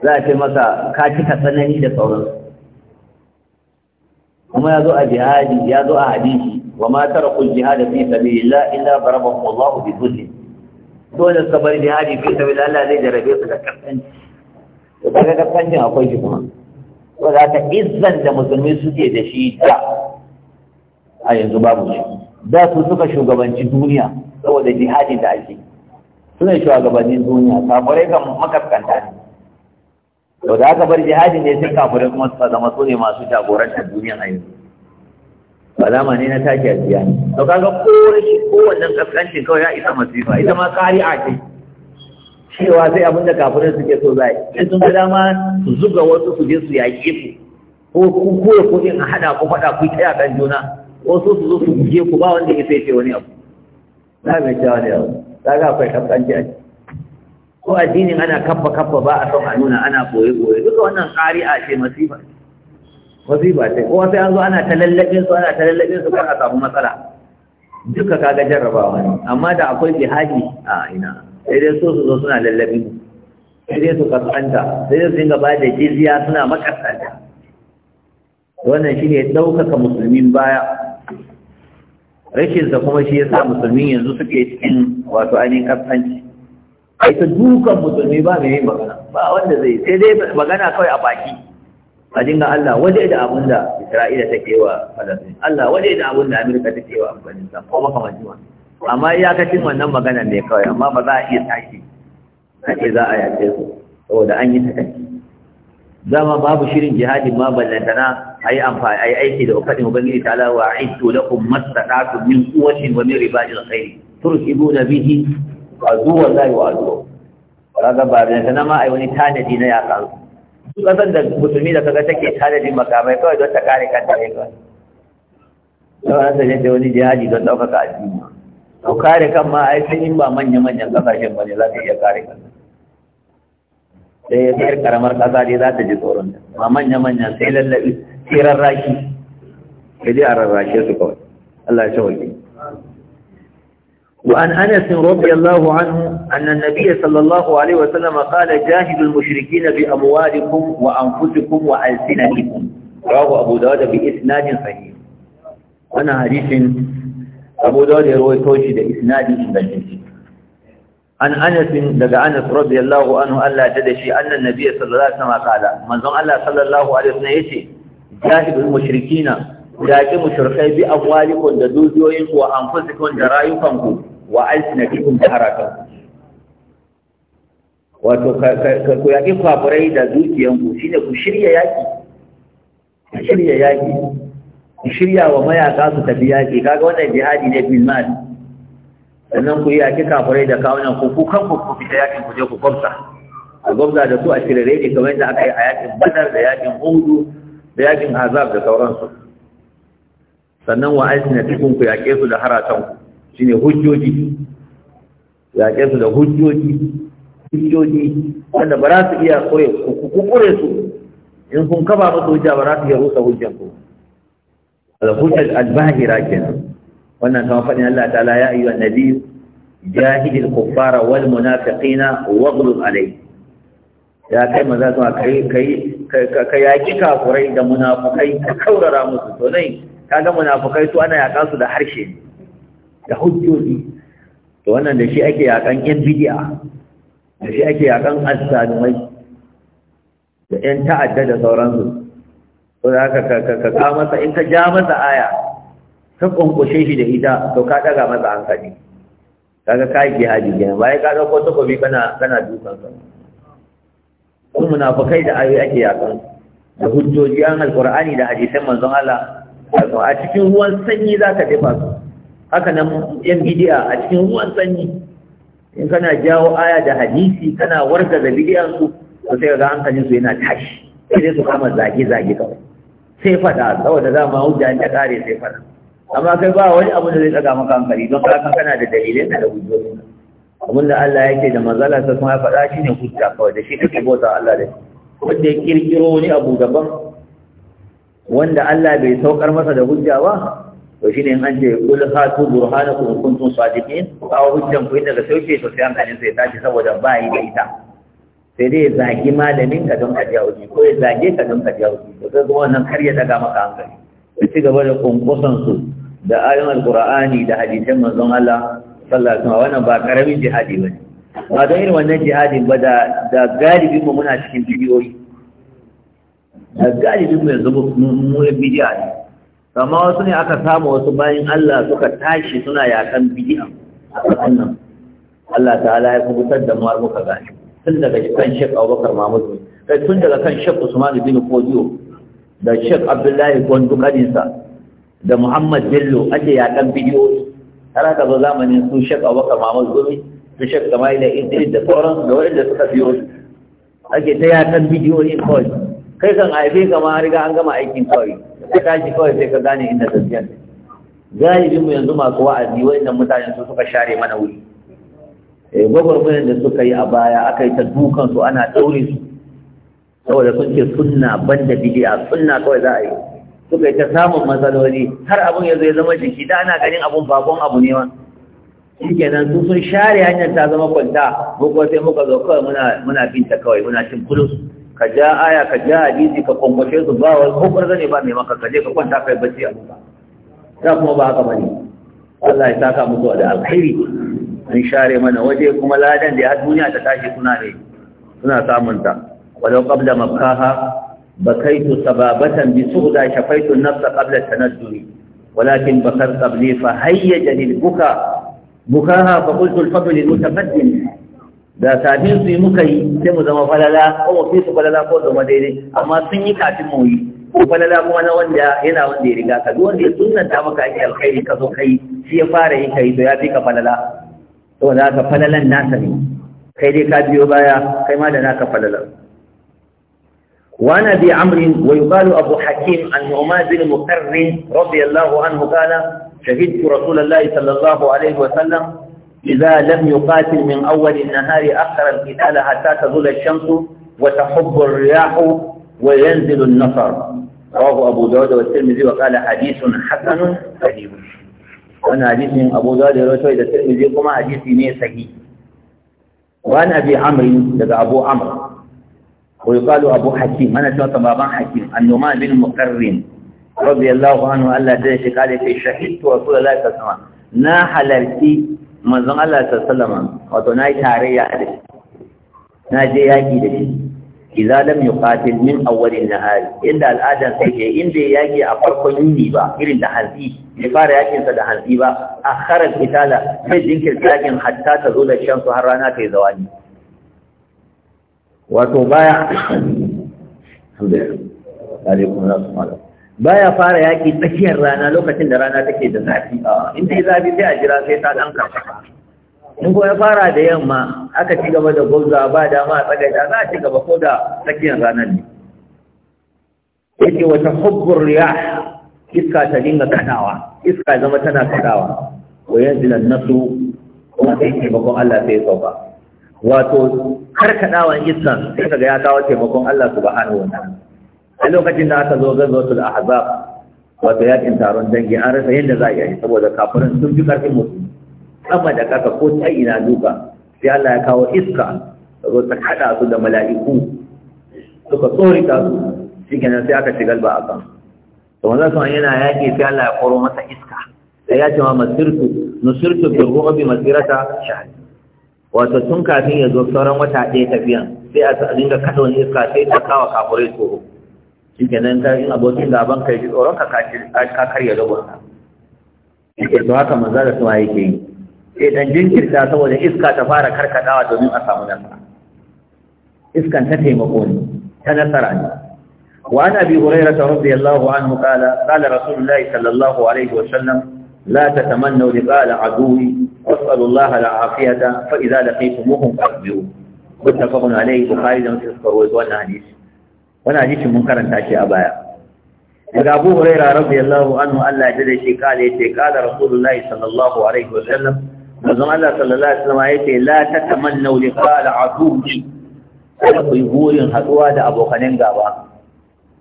za a ce masa ka cika tsanani da sauransu kuma ya zo a jihadi ya zo a hadisi wa ma tara kul jihada fi sabilillah illa barabahu Allah bi dhulli dole suka bari jihadi fi saboda Allah zai jarabe su da kaskanci to daga kafanci akwai shi kuma to da ta izzan da musulmi suke da shi da a yanzu babu shi da su suka shugabanci duniya saboda jihadi da ake suna shugabannin duniya kafirai kan makaskanta ne to da aka bar jihadi ne sai kafirai kuma su zama su ne masu jagorantar duniya a yanzu alama ne na tashi a jiya. ne to kaga ko rashi ko wannan kaskancin kawai ya isa masifa ita ma a ce cewa sai abin da kafirin suke so za in sun ga dama su zuga wasu su je su yaƙe ku ko ku koya kuɗin a haɗa ku faɗa ku tsaya kan juna Ko su zo su guje ku ba wanda ya sai ce wani abu za mu cewa ne abu za ga akwai kaskanci a ce ko addinin ana kaffa kaffa ba a son a nuna ana ɓoye-ɓoye duka wannan a ce masifa ce ba sai kowa sai an zo ana ta lallabin su ana ta lallabin su a samu matsala duka kaga jarrabawa ne amma da akwai jihadi a ina sai dai so su zo suna lallabin sai dai su kasanta sai dai su dinga ba da jizya suna makasanta wannan shi ne ɗaukaka musulmin baya rashinsa kuma shi ya sa musulmi yanzu suke cikin wato ainihin kasance ita dukan musulmi ba mai magana ba wanda zai sai dai magana kawai a baki a dinga Allah waje da abin da Isra'ila take wa Falasɗin Allah waje da abin da Amurka take wa Afghanistan ko makamancin wannan amma iyakacin wannan magana ne kawai amma ba za a iya tashi a ce za a yace su saboda an yi takaici dama babu shirin jihadin ma ballantana a yi amfani a aiki da ukaɗin ubangiji ta alawa a aiki da kuma mastaɗa min kuwacin wa min ribajin khairi turkibu na bihi a zuwan layi wa a zuwa kaga ba ballantana ma a yi wani tanadi na yaƙa ƙasar da musulmi da kaga take tanadin makamai kawai don ta kare kanta ne kawai kawai ta yadda wani jihadi don ɗaukaka addini to kare kan ma ai sai in ba manya-manyan ƙasashen ba ne za ta iya kare kanta sai ya sayar karamar ƙasa dai za ta ji tsoron ta ma manya-manyan sai lallabi sai rarraki sai dai a rarrake su kawai Allah ya shawarci وعن أنس رضي الله عنه أن النبي صلى الله عليه وسلم قال جاهدوا المشركين بأموالكم وأنفسكم وألسنتكم رواه أبو داود بإسناد صحيح أنا حديث أبو داود يروي توشي بإسناد صحيح عن أنس لقى أنس رضي الله عنه ألا تدشي أن النبي صلى الله عليه وسلم قال من ظن الله صلى الله عليه وسلم يتي جاهدوا المشركين جاهدوا المشركين بأموالكم دوزيوين وأنفسكم جرايكم wa da jaharatan wato ku yaƙi kwaburai da zuciyanku shine ku shirya yaƙi ku shirya yaƙi ku shirya wa mayaƙa su tafi yaƙi kaga wannan jihadi ne bilman. mal sannan ku yi yaƙi kwaburai da kawunan ku ku kanku ku fita yaƙin ku je ku gwamsa Ku gwamsa da su a shirare ne kamar yadda aka yi a yaƙin badar da yaƙin hudu da yaƙin azab da sauransu sannan wa alsinatikum ku yaƙe su da haratanku ne hujjoji yaƙe su da hujjoji hujjoji wanda ba za su iya kure ku kure su in kun kafa musu hujja ba za su iya rusa hujjan ku al-hujjat al-bahira kenan wannan kama faɗin Allah ta'ala ya ayyuhan nabi jahidil kuffara wal munafiqina waghlub alayhi ya kai maza su kai kai ka yaki kafurai da munafukai ka kaurara musu to nai kaga munafukai su ana yaƙa su da harshe ne da hujjoji to wannan da shi ake yakan yan bidiya da shi ake yakan azzalumai da yan ta'adda da sauransu to da ka ka ka masa in ka ja masa aya ka kunkushe shi da ita to ka daga masa hankali kaga kai haji gina bai ka ko takobi kana kana dukan ka. kun munafikai da ayoyi ake yakan da hujjoji an alqur'ani da hadisan manzon Allah a cikin ruwan sanyi zaka dafa su haka nan yan bidiya a cikin ruwan sanyi in kana jawo aya da hadisi kana warka da bidiyan su to sai ga hankalin su yana tashi sai dai su kama zage zage kawai sai fada saboda dama hujja ta kare sai fada amma kai ba wani abu da zai daga maka hankali don ka kana da dalilai da hujjoji abin da Allah yake da mazala sai kuma ya faɗa shi ne hujja kawai da shi kake bauta Allah da shi wanda ya kirkiro wani abu daban wanda Allah bai saukar masa da hujja ba to shine in an ce kul hatu burhanakum in kuntum sadiqin kawo hujjan ku inda ga sauke to sai hankalin sai tashi saboda ba yi da ita sai dai zagi malamin ka don ka ji ko ya zage ka don ka ji ko to sai kuma wannan kar ya daga maka hankali ku ci gaba da kunkusan su da ayoyin alqur'ani da hadisan manzon Allah sallallahu alaihi wasallam wannan ba karamin jihadi ne. ba don irin wannan jihadin ba da da galibin mu muna cikin bidiyoyi da galibin mu yanzu mu bidiyoyi amma wasu ne aka samu wasu bayan Allah suka tashi suna yakan bid'a a wannan Allah ta'ala ya kubutar da mu muka gane tun daga kan Sheikh Abubakar Mahmud kai tun daga kan Sheikh Usman bin Fodiyo da Sheikh Abdullahi Gondu kadinsa da Muhammad Bello ake yakan bidiyo har aka zo zamanin su Sheikh Abubakar Mahmud Gumi su Sheikh Kamal da Idris da sauran da wanda suka biyo ake ta yakan bidiyo ne kawai kai kan aibe kama riga an gama aikin kawai ka tashi kawai sai ka gane inda gaskiyar ne galibin mu yanzu masu wa'azi wa'annan mutane su suka share mana wuri eh mu da suka yi a baya aka yi ta dukan su ana daure su saboda sun ce sunna banda bid'a sunna kawai za a yi suka yi ta samun matsaloli har abun yanzu ya zama jiki da ana ganin abun bakon abu ne ma shikenan su sun share hanyar ta zama kwanta ko kuma sai muka zo kawai muna muna binta kawai muna cin kulus ka ja aya ka ja hadisi ka kwamfashe su ba wani hukumar zane ba mai maka kaje ka kwanta kai bacci a muka da kuma ba haka bane Allah ya saka mu da alkhairi an share mana waje kuma ladan da ya duniya ta tashi suna ne suna samun ta walau qabla mabkaha bakaitu sababatan bi suhda shafaitu an-nafsa qabla tanadduri ولكن buka قبلي fa qultu al-fadl al-mutaqaddim da kafin su yi muka yi sai mu zama falala ko mu fi su falala ko zama daidai amma sun yi kafin mu yi ko falala kuma na wanda yana wanda ya riga ka duk wanda ya sunanta maka ake alkhairi ka zo kai shi ya fara yi kai to ya fi ka falala to da ka falalan nasa ne kai dai ka biyo baya kai ma da naka falala. وعن ابي عمرو ويقال ابو حكيم عن نعمان بن مقر رضي الله عنه قال شهدت رسول الله صلى الله عليه وسلم إذا لم يقاتل من أول النهار أخر القتال حتى تظل الشمس وتحب الرياح وينزل النصر رواه أبو داود والترمذي وقال حديث حسن سليم وأنا حديث من أبو داود والترمذي إلى الترمذي كما حديث من صحيح وأنا أبي عمرو لدى أبو عمرو ويقال أبو حكيم أنا سمعت بابا حكيم النعمان بن مقرن رضي الله عنه ألا دلش قال في شهدت رسول الله صلى الله عليه وسلم na manzon Allah sallama wato na yi tarayya da shi na je yaƙi da shi idza lam yuqatil min awwalin nahar inda al'adan sai ke inda yaƙi a farkon yini ba irin da hanzi ya fara yakin sa da hanzi ba akhara al-qitala sai jinkir yakin hatta ta zo da shamsu har rana ta yi zawani wato baya alhamdulillah alaikum assalam baya fara yaki tsakiyar rana lokacin da rana take da zafi ah, in dai zafi sai a jira sai ta dan karkata in kuma ya fara da yamma aka ci gaba da gwamza ba dama a tsagaita za a ci gaba ko da tsakiyar ranar ne yake wata hubbur riya iska ta dinga kadawa iska zama tana kadawa wa yanzu nan nasu kuma sai taimakon Allah sai sauka wato karkadawan iska" sai ga ya kawo taimakon Allah subhanahu wa ta'ala a lokacin da aka zo da ahzab wato yakin taron dangi an rasa yadda za a yi saboda kafirin sun fi karfin mutu. sama da kaka ko ta ina duka sai Allah ya kawo iska zo ta kada su da mala'iku suka tsorita su shi kenan sai aka shigar ba a kan to wanda sun yana yaƙi sai Allah ya koro masa iska da ya ce ma masirtu nusirtu bi rubi masirata shahad wato tun kafin ya zo sauran wata ɗaya tafiyan sai a dinga kada wani iska sai ta kawo kafirai tsoro shi nan ta yin abokin gaban kai ji tsoron ka karya rabonsa yake to haka manza da suna yake yi sai dan jinkirta saboda iska ta fara karkadawa domin a samu nasara iskan ta taimako ne ta nasara ne وعن أبي هريرة رضي الله عنه قال قال رسول الله صلى الله عليه وسلم لا تتمنوا لقاء العدو واسألوا الله العافية فإذا لقيتموهم فاصبروا متفق عليه بخاري ومسلم وزوان حديث wani hadisin mun karanta shi a baya daga Abu Hurairah radiyallahu anhu Allah ya dade shi kale yace kala Rasulullahi sallallahu alaihi wa sallam manzon Allah sallallahu alaihi wa sallam yace la tatamannu liqa al-adu kada ku yi burin haɗuwa da abokanen gaba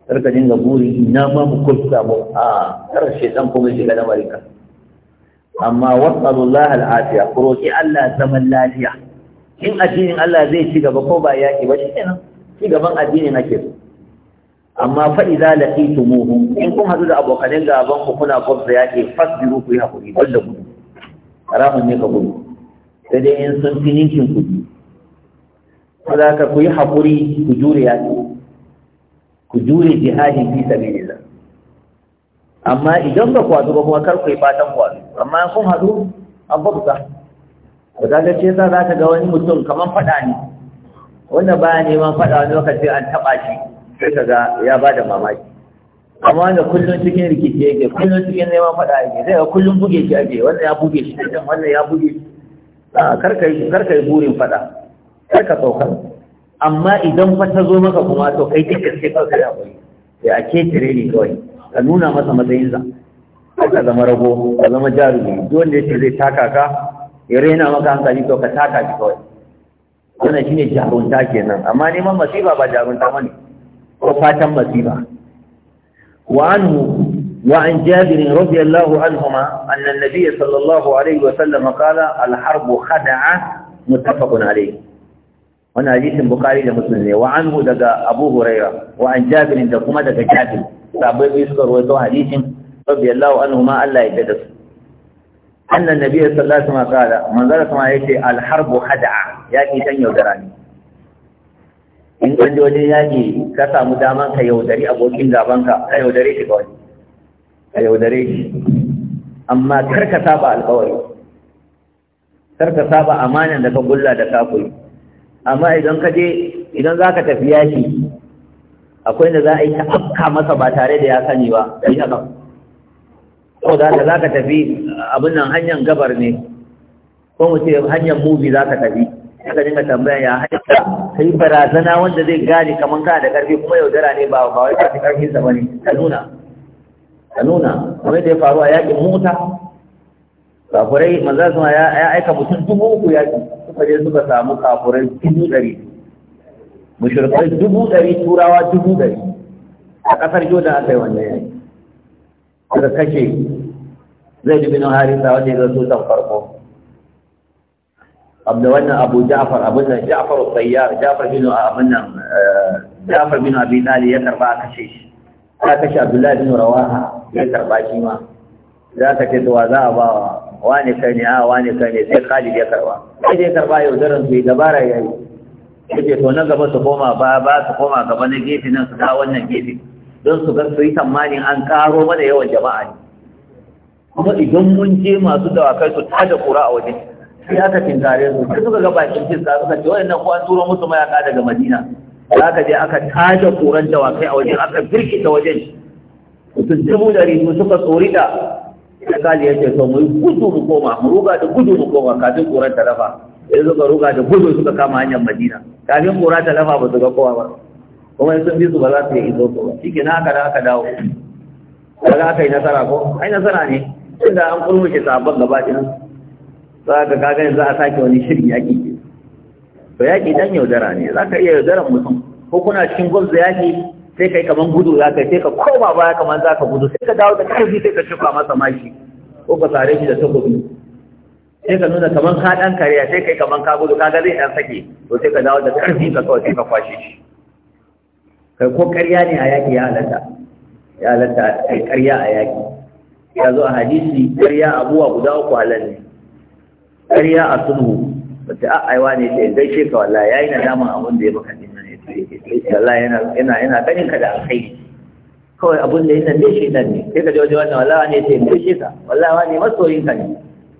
karka dinga burin ina ma mu kusa mu a karar shaitan kuma shiga da marika amma wasallallahu al'afiya ku roki Allah zaman lafiya in addinin Allah zai ci gaba ko ba yaki ba shi kenan ci gaban addinin nake so amma fa idza laqitumuhum in kun hadu da abokanin gaban ku kuna kwabza yake fasbiru ku yi hakuri don da gudu haramun ne ka gudu sai dai in sun fi ninkin ku za ka ku yi hakuri ku jure yaƙi ku jure jihadi fi sabilillah amma idan ba ku hadu ba kuma kar ku yi fatan ku hadu amma kun hadu an babuta ba ka ce za ka ga wani mutum kamar faɗa ne wanda baya neman faɗa wani lokaci an taɓa shi sai ka ga ya ba da mamaki amma wanda kullum cikin rikici yake kullum cikin neman faɗa yake zai ga kullum buge shi ake wannan ya buge shi can wannan ya buge shi ka yi burin faɗa karka sauka amma idan fa ta zo maka kuma to kai kika ce kawai ya koyi sai a ketare ni kawai ka nuna masa matsayin sa ka zama rago ka zama jarumi duk wanda yake zai taka ka ya rena maka hankali to ka taka shi kawai wannan shine jarunta kenan amma neman masifa ba jarunta bane ko fatan masifa wa anhu wa an jabir radiyallahu anhuma anna an-nabiy sallallahu alayhi wa sallam qala al-harbu khada'a muttafaqun alayhi wannan hadisi bukhari da muslim ne daga abu hurairah wa an da kuma daga jabir sabai bai suka rawaito hadisin radiyallahu anhuma Allah ya dada su anna an-nabiy sallallahu alayhi wa sallam qala manzara sama yace al-harbu khada'a yaki tan ne in ɗan jodin wajen yaƙi ka samu daman ka yaudari abokin gabanka ka yaudare shi kawai ka yaudare shi amma kar ka saba alƙawari kar ka saba amanan da ka gulla da kafuri amma idan ka je idan za ka tafi yaƙi akwai da za a yi ta afka masa ba tare da ya sani ba da yi haka ko da za ka tafi abin nan hanyar gabar ne ko mu ce hanyar mubi za ka tafi aka ka dinga tambaya ya halitta ka yi barazana wanda zai gane kamar ka da karfi kuma yaudara ne ba ba wai ka fi karfin sa bane ka nuna ka nuna kamar da ya faru a yakin mota kafurai manzo sun ya aika mutum dubu uku yaki suka je suka samu kafurai dubu ɗari mushrikai dubu ɗari turawa dubu ɗari a ƙasar jordan aka yi wannan yaki suka kashe zai dubi na harisa wanda ya zo tutan farko abda wannan abu ja'far abin nan ja'far sayyar ja'far bin ah, abin nan eh, ja'far bin abi talib ya karba kashe shi ka kashe abdullahi bin rawaha ya karba shi ma za ka ce wa za a ba wani kai ne a ah, wani kai ne sai khalid ya karba sai ya karba yaudaran su dabara ya yi yake to na gaba su koma ba ba su koma gaba na gefe nan su ta wannan gefe don su su yi tsammanin an karo mana yawan jama'a ne idan mun je masu dawakai su tada kura a wajen sai aka su sai suka ga bakin fiska suka ce wayannan ko an turo musu mayaka daga madina za ka je aka taje koran dawakai a wajen aka ta wajen mutum dubu dari su suka tsori da kali ya ce to mu gudu mu koma mu ruga da gudu mu koma kafin koran ta lafa sai suka ruga da gudu suka kama hanyar madina kafin koran ta lafa ba su ga kowa ba kuma in sun bi su ba za su yi izo ko ba shi na haka da aka dawo ba za ka yi nasara ko ai nasara ne tunda an kurmuke sabon gaba ɗin za ka gani za a sake wani shirin yaƙi ke to yaƙi dan yaudara ne za ka iya yaudaran mutum ko kuna cikin gwamnati yaƙi sai kai kamar gudu za ka sai ka koma baya kamar za ka gudu sai ka dawo da ƙarfi sai ka shuka masa mashi ko ka sare shi da takobi sai ka nuna kamar ka ɗan kariya sai kai kamar ka gudu kaga zai ɗan sake to sai ka dawo da ƙarfi ka kawai sai ka kwashe shi kai ko ƙarya ne a yaƙi ya halatta ya halatta kai ƙarya a yaƙi ya zo a hadisi ƙarya abuwa guda uku halal ne ƙarya a sunhu, ba ta ah, aiwa ne ta ce ka wallahi yi na damar abin da ya baka ne na, ya ce wallahi yana ganin ka da alkhairi kawai abin da yana ne shi nan ne sai ka je wajen wannan wallahi ne ta gaishe ka wallawa ne masoyin ka ne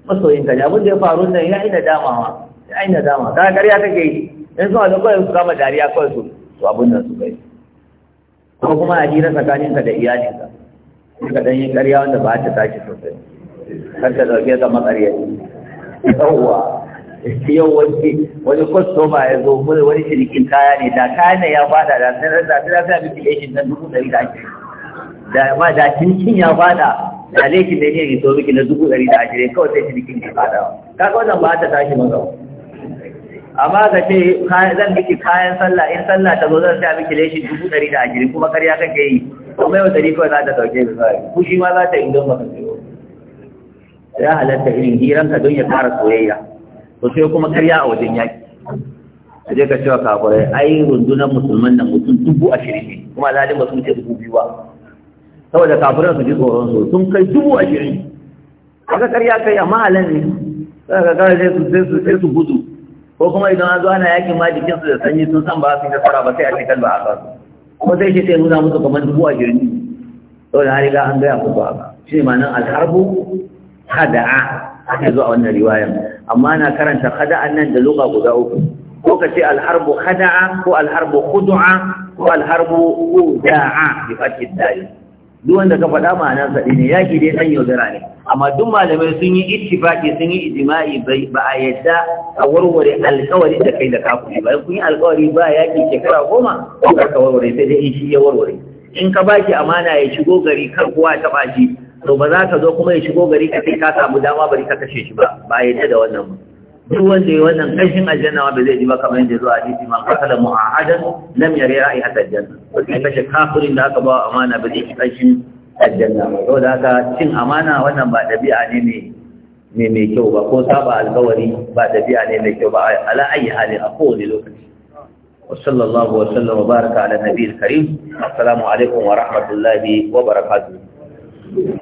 masoyin ka ne abin da ya faru nan yi na damawa yi na dama ka ƙarya kake yi in sun wajen kawai su kama dariya kawai su su abin nan su kai ko kuma a jira ka da iyalinka ka dan yi ƙarya wanda ba ta tashi sosai kar ta ɗauke ka maƙaryaci yawwa yau wani wani kwastoma ya zo mun wani shirikin kaya ne da kaya ne ya fada da sanar da sanar da miki leshin nan dubu ɗari da ake da ma da cincin ya fada da leshin da ne ya zo miki na dubu ɗari da ashirin kawai sai shirikin ya fada kaga wannan ba ta tashi maza amma ka ce zan miki kayan sallah in sallah ta zo zan sa miki leshin dubu ɗari da ashirin kuma karya kake yi kuma yau ɗari kawai za ta ɗauke ku shi ma za ta yi don maka ya halatta irin hiranka don ya ƙara soyayya to sai kuma karya a wajen yaƙi a je ka cewa kafirai ai rundunar musulman nan mutum dubu ashirin ne kuma alhalin ba sun ce dubu biyu ba saboda kafirai su ji tsoron su sun kai dubu ashirin kaga karya kai a mahalan ne sai ka kawai sai su sai su sai su gudu ko kuma idan an zo ana yakin ma jikinsu da sanyi sun san ba su yi nasara ba sai a cikin ba a kasu kuma sai shi sai nuna musu kamar dubu ashirin ne. saboda har riga an gaya musu haka shi ne nan alharbu khada'a aka zo wannan riwayar amma na karanta khada'an nan da lugha guda uku ko ka ce alharbu khada'a ko alharbu khudu'a ko alharbu khuda'a bi fathi dal duk wanda ka faɗa ma'anar sa ne yaki dai san yaudara ne amma duk malamai sun yi ittifaqi sun yi ijma'i ba a yadda a warware alƙawarin da kai da kafiri ba kun yi alƙawari ba yaki shekara goma ko ka warware sai dai shi ya warware in ka baki amana ya shigo gari kar kowa ta bashi to ba za ka zo kuma ya shigo gari ka sai ka samu dama bari ka kashe shi ba ba yadda da wannan ba. duk wanda ya wannan kashin aljanna ba zai ji ba kamar yadda zuwa hadisi man qatala mu'ahadan lam yari ra'i hatta aljanna wanda kashe kafirin da aka ba amana ba zai ji kashin aljanna ba da haka cin amana wannan ba dabi'a ne mai ne mai kyau ba ko saba alkawari ba tafiya ne mai kyau ba ala ayi hali a kowane lokaci wa sallallahu wa sallam baraka ala nabiyil karim assalamu alaikum wa rahmatullahi wa barakatuh